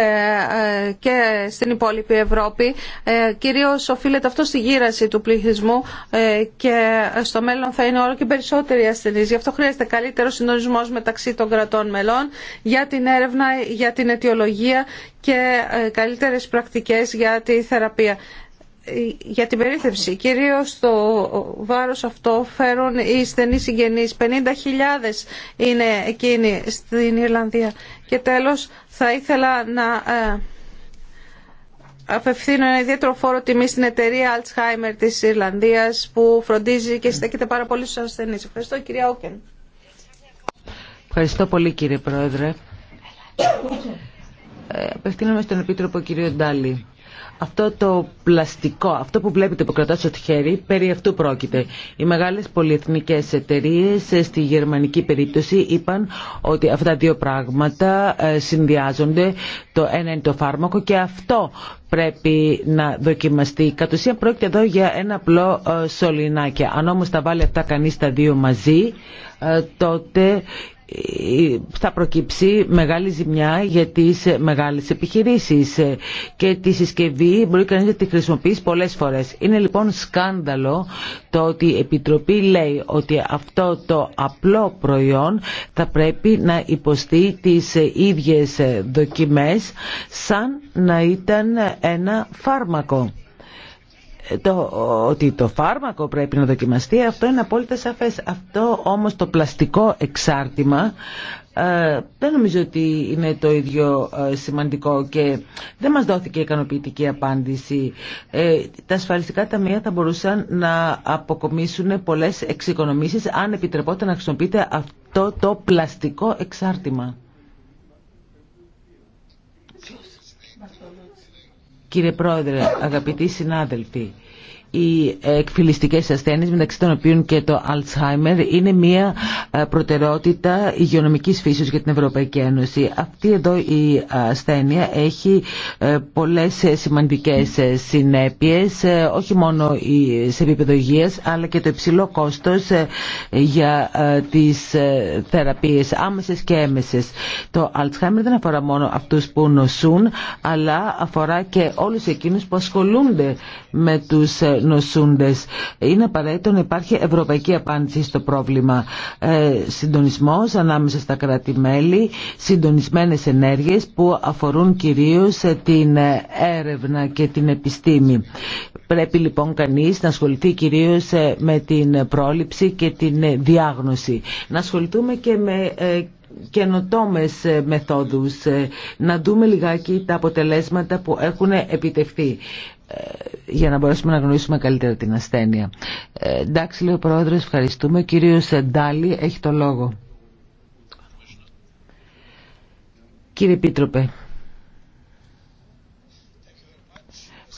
ε, και στην υπόλοιπη Ευρώπη. Ε, κυρίως οφείλεται αυτό στη γύραση του πληθυσμού ε, και στο μέλλον θα είναι όλο και περισσότεροι ασθενείς. Γι' αυτό χρειάζεται καλύτερο συντονισμό μεταξύ των κρατών μελών για την έρευνα, για την αιτιολογία και καλύτερες πρακτικές για τη θεραπεία για την περίθευση. Κυρίως το βάρος αυτό φέρουν οι στενοί συγγενείς. 50.000 είναι εκείνοι στην Ιρλανδία. Και τέλος θα ήθελα να ε, απευθύνω ένα ιδιαίτερο φόρο τιμή στην εταιρεία Alzheimer της Ιρλανδίας που φροντίζει και στέκεται πάρα πολύ στους ασθενείς. Ευχαριστώ κυρία Όκεν. Ευχαριστώ πολύ κύριε Πρόεδρε. Ε, απευθύνομαι στον Επίτροπο κύριο Ντάλι. Αυτό το πλαστικό, αυτό που βλέπετε που κρατάς στο χέρι, περί αυτού πρόκειται. Οι μεγάλες πολυεθνικές εταιρείες ε, στη γερμανική περίπτωση είπαν ότι αυτά τα δύο πράγματα ε, συνδυάζονται. Το ένα είναι το φάρμακο και αυτό πρέπει να δοκιμαστεί. Κατ' ουσία πρόκειται εδώ για ένα απλό ε, σωληνάκι. Αν όμως τα βάλει αυτά κανείς τα δύο μαζί, τότε θα προκύψει μεγάλη ζημιά για τις μεγάλες επιχειρήσεις και τη συσκευή μπορεί κανείς να τη χρησιμοποιήσει πολλές φορές. Είναι λοιπόν σκάνδαλο το ότι η Επιτροπή λέει ότι αυτό το απλό προϊόν θα πρέπει να υποστεί τις ίδιες δοκιμές σαν να ήταν ένα φάρμακο το, ότι το φάρμακο πρέπει να δοκιμαστεί αυτό είναι απόλυτα σαφές αυτό όμως το πλαστικό εξάρτημα ε, δεν νομίζω ότι είναι το ίδιο ε, σημαντικό και δεν μας δόθηκε ικανοποιητική απάντηση. Ε, τα ασφαλιστικά ταμεία θα μπορούσαν να αποκομίσουν πολλές εξοικονομήσεις αν επιτρεπόταν να χρησιμοποιείται αυτό το πλαστικό εξάρτημα. Κύριε Πρόεδρε, αγαπητοί συνάδελφοι, οι εκφυλιστικές ασθένειες μεταξύ των οποίων και το Alzheimer είναι μια ε, προτεραιότητα υγειονομικής φύσης για την Ευρωπαϊκή Ένωση. Αυτή εδώ η ασθένεια έχει ε, πολλές ε, σημαντικές συνέπειες όχι μόνο σε επίπεδο αλλά και το υψηλό κόστος για τις θεραπείες άμεσες και έμεσες. Το Alzheimer δεν αφορά μόνο αυτούς που νοσούν αλλά αφορά και όλους εκείνους που ασχολούνται με τους νοσούντες. Είναι απαραίτητο να υπάρχει ευρωπαϊκή απάντηση στο πρόβλημα. Ε, συντονισμός ανάμεσα στα κράτη-μέλη, συντονισμένες ενέργειες που αφορούν κυρίως ε, την ε, έρευνα και την επιστήμη. Πρέπει λοιπόν κανείς να ασχοληθεί κυρίως με την πρόληψη και την διάγνωση. Να ασχοληθούμε και με καινοτόμε μεθόδους, να δούμε λιγάκι τα αποτελέσματα που έχουν επιτευχθεί για να μπορέσουμε να γνωρίσουμε καλύτερα την ασθένεια. Ε, εντάξει, λέει ο Πρόεδρος, ευχαριστούμε. Ο κύριος Ντάλι έχει το λόγο. Κύριε Πίτροπε.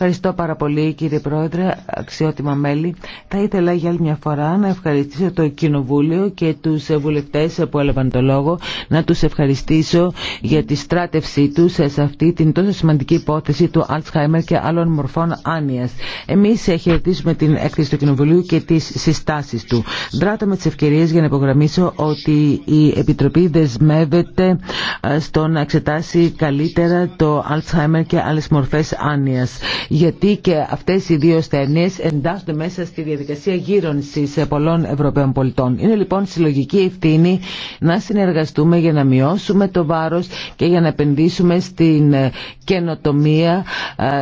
Ευχαριστώ πάρα πολύ κύριε Πρόεδρε, αξιότιμα μέλη. Θα ήθελα για άλλη μια φορά να ευχαριστήσω το Κοινοβούλιο και τους βουλευτές που έλαβαν το λόγο, να τους ευχαριστήσω για τη στράτευσή τους σε αυτή την τόσο σημαντική υπόθεση του Αλτσχάιμερ και άλλων μορφών άνοιας. Εμείς χαιρετίζουμε την έκθεση του Κοινοβουλίου και τις συστάσεις του. Δράτω με τις ευκαιρίες για να υπογραμμίσω ότι η Επιτροπή δεσμεύεται ε, στο να εξετάσει καλύτερα το Αλτσχάιμερ και άλλες μορφές άνοια γιατί και αυτές οι δύο ασθένειες εντάσσονται μέσα στη διαδικασία γύρωνσης πολλών Ευρωπαίων πολιτών. Είναι λοιπόν συλλογική ευθύνη να συνεργαστούμε για να μειώσουμε το βάρος και για να επενδύσουμε στην ε, καινοτομία,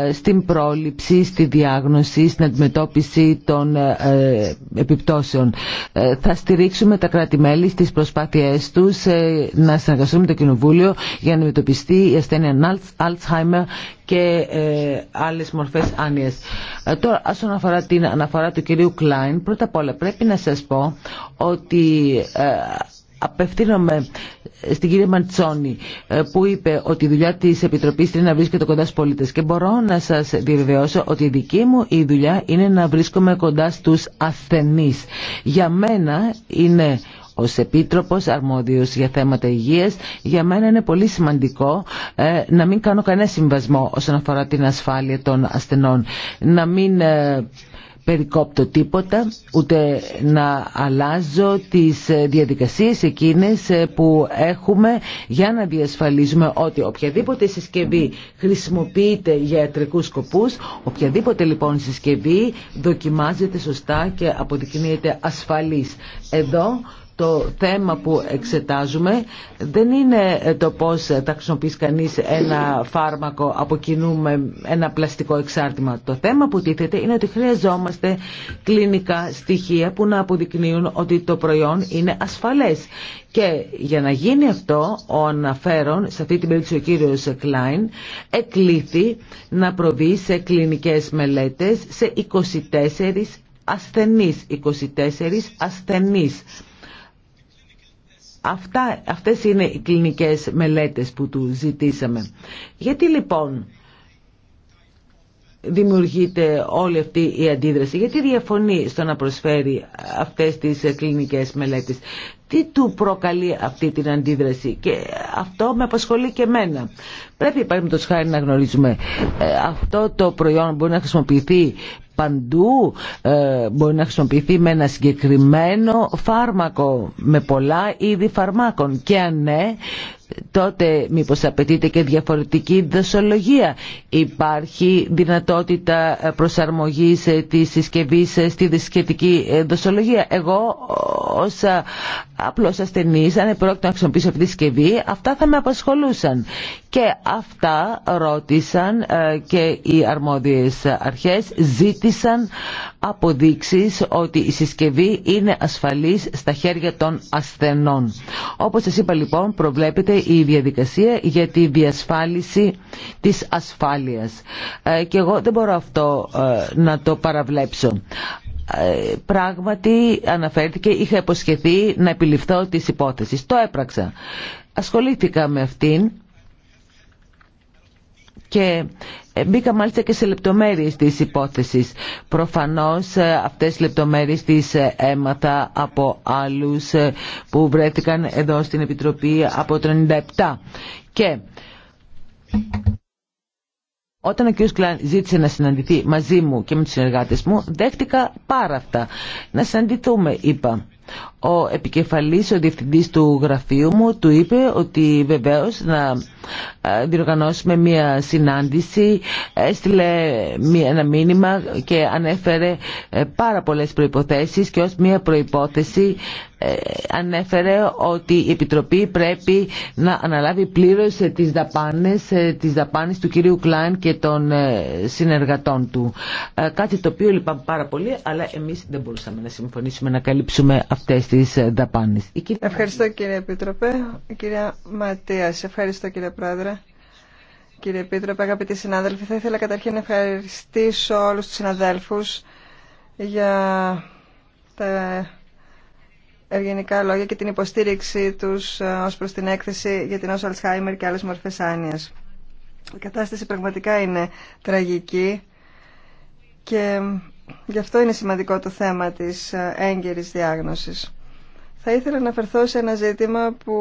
ε, στην πρόληψη, στη διάγνωση, στην αντιμετώπιση των ε, επιπτώσεων. Θα στηρίξουμε τα κράτη-μέλη στις προσπάθειές τους να συνεργαστούμε το Κοινοβούλιο για να αντιμετωπιστεί η ασθένεια Alzheimer και ε, άλλες μορφές Ε, Τώρα, όσον αφορά την αναφορά του κυρίου Κλάιν, πρώτα απ' όλα πρέπει να σας πω ότι ε, απευθύνομαι στην κυρία Μαντσόνη ε, που είπε ότι η δουλειά της Επιτροπής είναι να βρίσκεται κοντά στους πολίτες και μπορώ να σας διαβεβαιώσω ότι η δική μου η δουλειά είναι να βρίσκομαι κοντά στους ασθενείς. Για μένα είναι Ω Επίτροπος αρμόδιος για θέματα υγείας για μένα είναι πολύ σημαντικό ε, να μην κάνω κανένα συμβασμό όσον αφορά την ασφάλεια των ασθενών να μην ε, περικόπτω τίποτα ούτε να αλλάζω τις ε, διαδικασίες εκείνες ε, που έχουμε για να διασφαλίζουμε ότι οποιαδήποτε συσκευή χρησιμοποιείται για ιατρικού σκοπούς οποιαδήποτε λοιπόν συσκευή δοκιμάζεται σωστά και αποδεικνύεται ασφαλής. Εδώ το θέμα που εξετάζουμε δεν είναι το πώς θα χρησιμοποιήσει κανείς ένα φάρμακο από κοινού με ένα πλαστικό εξάρτημα. Το θέμα που τίθεται είναι ότι χρειαζόμαστε κλινικά στοιχεία που να αποδεικνύουν ότι το προϊόν είναι ασφαλές. Και για να γίνει αυτό, ο αναφέρον, σε αυτή την περίπτωση ο κύριος Κλάιν, εκλήθη να προβεί σε κλινικές μελέτες σε 24 ασθενείς, 24 ασθενείς Αυτά, αυτές είναι οι κλινικές μελέτες που του ζητήσαμε. Γιατί λοιπόν δημιουργείται όλη αυτή η αντίδραση, γιατί διαφωνεί στο να προσφέρει αυτές τις κλινικές μελέτες. Τι του προκαλεί αυτή την αντίδραση και αυτό με απασχολεί και εμένα. Πρέπει το χάρη να γνωρίζουμε ε, αυτό το προϊόν μπορεί να χρησιμοποιηθεί παντού ε, μπορεί να χρησιμοποιηθεί με ένα συγκεκριμένο φάρμακο, με πολλά είδη φαρμάκων και αν ναι, τότε μήπως απαιτείται και διαφορετική δοσολογία. Υπάρχει δυνατότητα ε, προσαρμογής ε, της συσκευής στη δυσκετική δοσολογία. Εγώ όσα απλός ασθενής, αν επρόκειτο να χρησιμοποιήσω αυτή τη συσκευή, αυτά θα με απασχολούσαν. Και αυτά ρώτησαν ε, και οι αρμόδιες αρχές ζήτησαν αποδείξεις ότι η συσκευή είναι ασφαλής στα χέρια των ασθενών. Όπως σας είπα λοιπόν προβλέπεται η διαδικασία για τη διασφάλιση της ασφάλειας. Ε, και εγώ δεν μπορώ αυτό ε, να το παραβλέψω πράγματι αναφέρθηκε είχα υποσχεθεί να επιληφθώ της υπόθεση. Το έπραξα. Ασχολήθηκα με αυτήν και ε, μπήκα μάλιστα και σε λεπτομέρειες της υπόθεσης. Προφανώς ε, αυτές οι λεπτομέρειες τις ε, έμαθα από άλλους που βρέθηκαν εδώ στην Επιτροπή από το 1997. Και όταν ο κ. Κλάν ζήτησε να συναντηθεί μαζί μου και με τους συνεργάτες μου, δέχτηκα πάρα αυτά. Να συναντηθούμε, είπα. Ο επικεφαλής, ο διευθυντής του γραφείου μου, του είπε ότι βεβαίως να ε, διοργανώσουμε μία συνάντηση, έστειλε ένα μήνυμα και ανέφερε ε, πάρα πολλές προϋποθέσεις και ως μία προϋπόθεση ε, ανέφερε ότι η Επιτροπή πρέπει να αναλάβει πλήρως τις δαπάνες, τις δαπάνες του κυρίου Κλάιν και των συνεργατών του. Κάτι το οποίο λυπάμαι πάρα πολύ, αλλά εμείς δεν μπορούσαμε να συμφωνήσουμε να καλύψουμε αυτό. Ε, ευχαριστώ κύριε Επίτροπε. Κυρία Ματίας, ευχαριστώ κύριε Πρόεδρε. Κύριε Επίτροπε, αγαπητοί συνάδελφοι, θα ήθελα καταρχήν να ευχαριστήσω όλους τους συναδέλφους για τα ευγενικά λόγια και την υποστήριξή τους ε, ως προς την έκθεση για την όσο Αλσχάιμερ και άλλες μορφές άνοιας. Η κατάσταση πραγματικά είναι τραγική και Γι' αυτό είναι σημαντικό το θέμα της ε, έγκαιρης διάγνωσης. Θα ήθελα να αφαιρθώ σε ένα ζήτημα που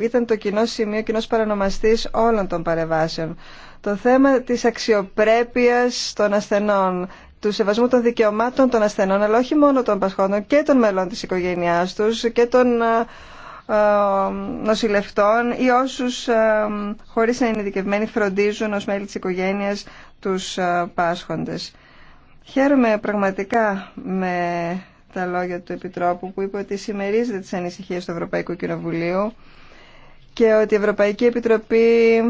ήταν το κοινό σημείο, κοινός παρανομαστής όλων των παρεμβάσεων. Το θέμα της αξιοπρέπειας των ασθενών, του σεβασμού των δικαιωμάτων των ασθενών, αλλά όχι μόνο των πασχόντων και των μελών της οικογένειάς τους και των ε, ε, νοσηλευτών ή όσους χωρίς να είναι ειδικευμένοι φροντίζουν ως μέλη της οικογένειας τους πάσχοντες. Χαίρομαι πραγματικά με τα λόγια του Επιτρόπου που είπε ότι συμμερίζεται τις ανησυχίες του Ευρωπαϊκού Κοινοβουλίου και ότι η Ευρωπαϊκή Επιτροπή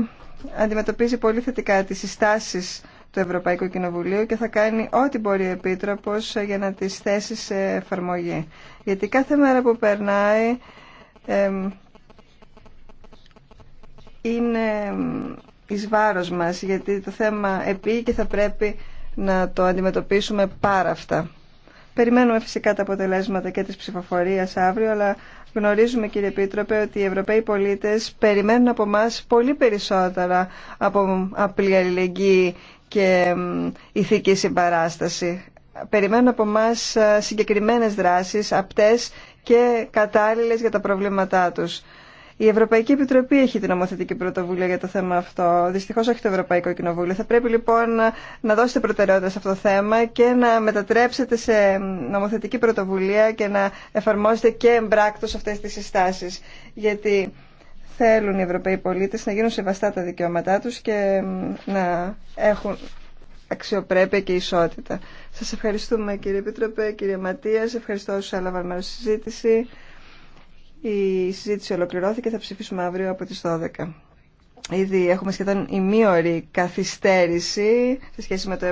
αντιμετωπίζει πολύ θετικά τις συστάσεις του Ευρωπαϊκού Κοινοβουλίου και θα κάνει ό,τι μπορεί ο Επίτροπος για να τις θέσει σε εφαρμογή. Γιατί κάθε μέρα που περνάει είναι εις βάρος μας, γιατί το θέμα επί και θα πρέπει να το αντιμετωπίσουμε πάρα αυτά. Περιμένουμε φυσικά τα αποτελέσματα και της ψηφοφορίας αύριο, αλλά γνωρίζουμε κύριε Επίτροπε ότι οι Ευρωπαίοι πολίτες περιμένουν από μας πολύ περισσότερα από απλή αλληλεγγύη και ηθική συμπαράσταση. Περιμένουν από εμά συγκεκριμένες δράσεις, απτές και κατάλληλες για τα προβλήματά τους. Η Ευρωπαϊκή Επιτροπή έχει την νομοθετική πρωτοβουλία για το θέμα αυτό. Δυστυχώ όχι το Ευρωπαϊκό Κοινοβούλιο. Θα πρέπει λοιπόν να δώσετε προτεραιότητα σε αυτό το θέμα και να μετατρέψετε σε νομοθετική πρωτοβουλία και να εφαρμόσετε και εμπράκτο αυτέ τι συστάσει. Γιατί θέλουν οι Ευρωπαίοι πολίτε να γίνουν σεβαστά τα δικαιώματά του και να έχουν αξιοπρέπεια και ισότητα. Σα ευχαριστούμε κύριε Επίτροπε, κύριε Ματία. ευχαριστώ όσου έλαβαν μέρο στη συζήτηση. Η συζήτηση ολοκληρώθηκε, θα ψηφίσουμε αύριο από τις 12. Ήδη έχουμε σχεδόν ημίωρη καθυστέρηση σε σχέση με το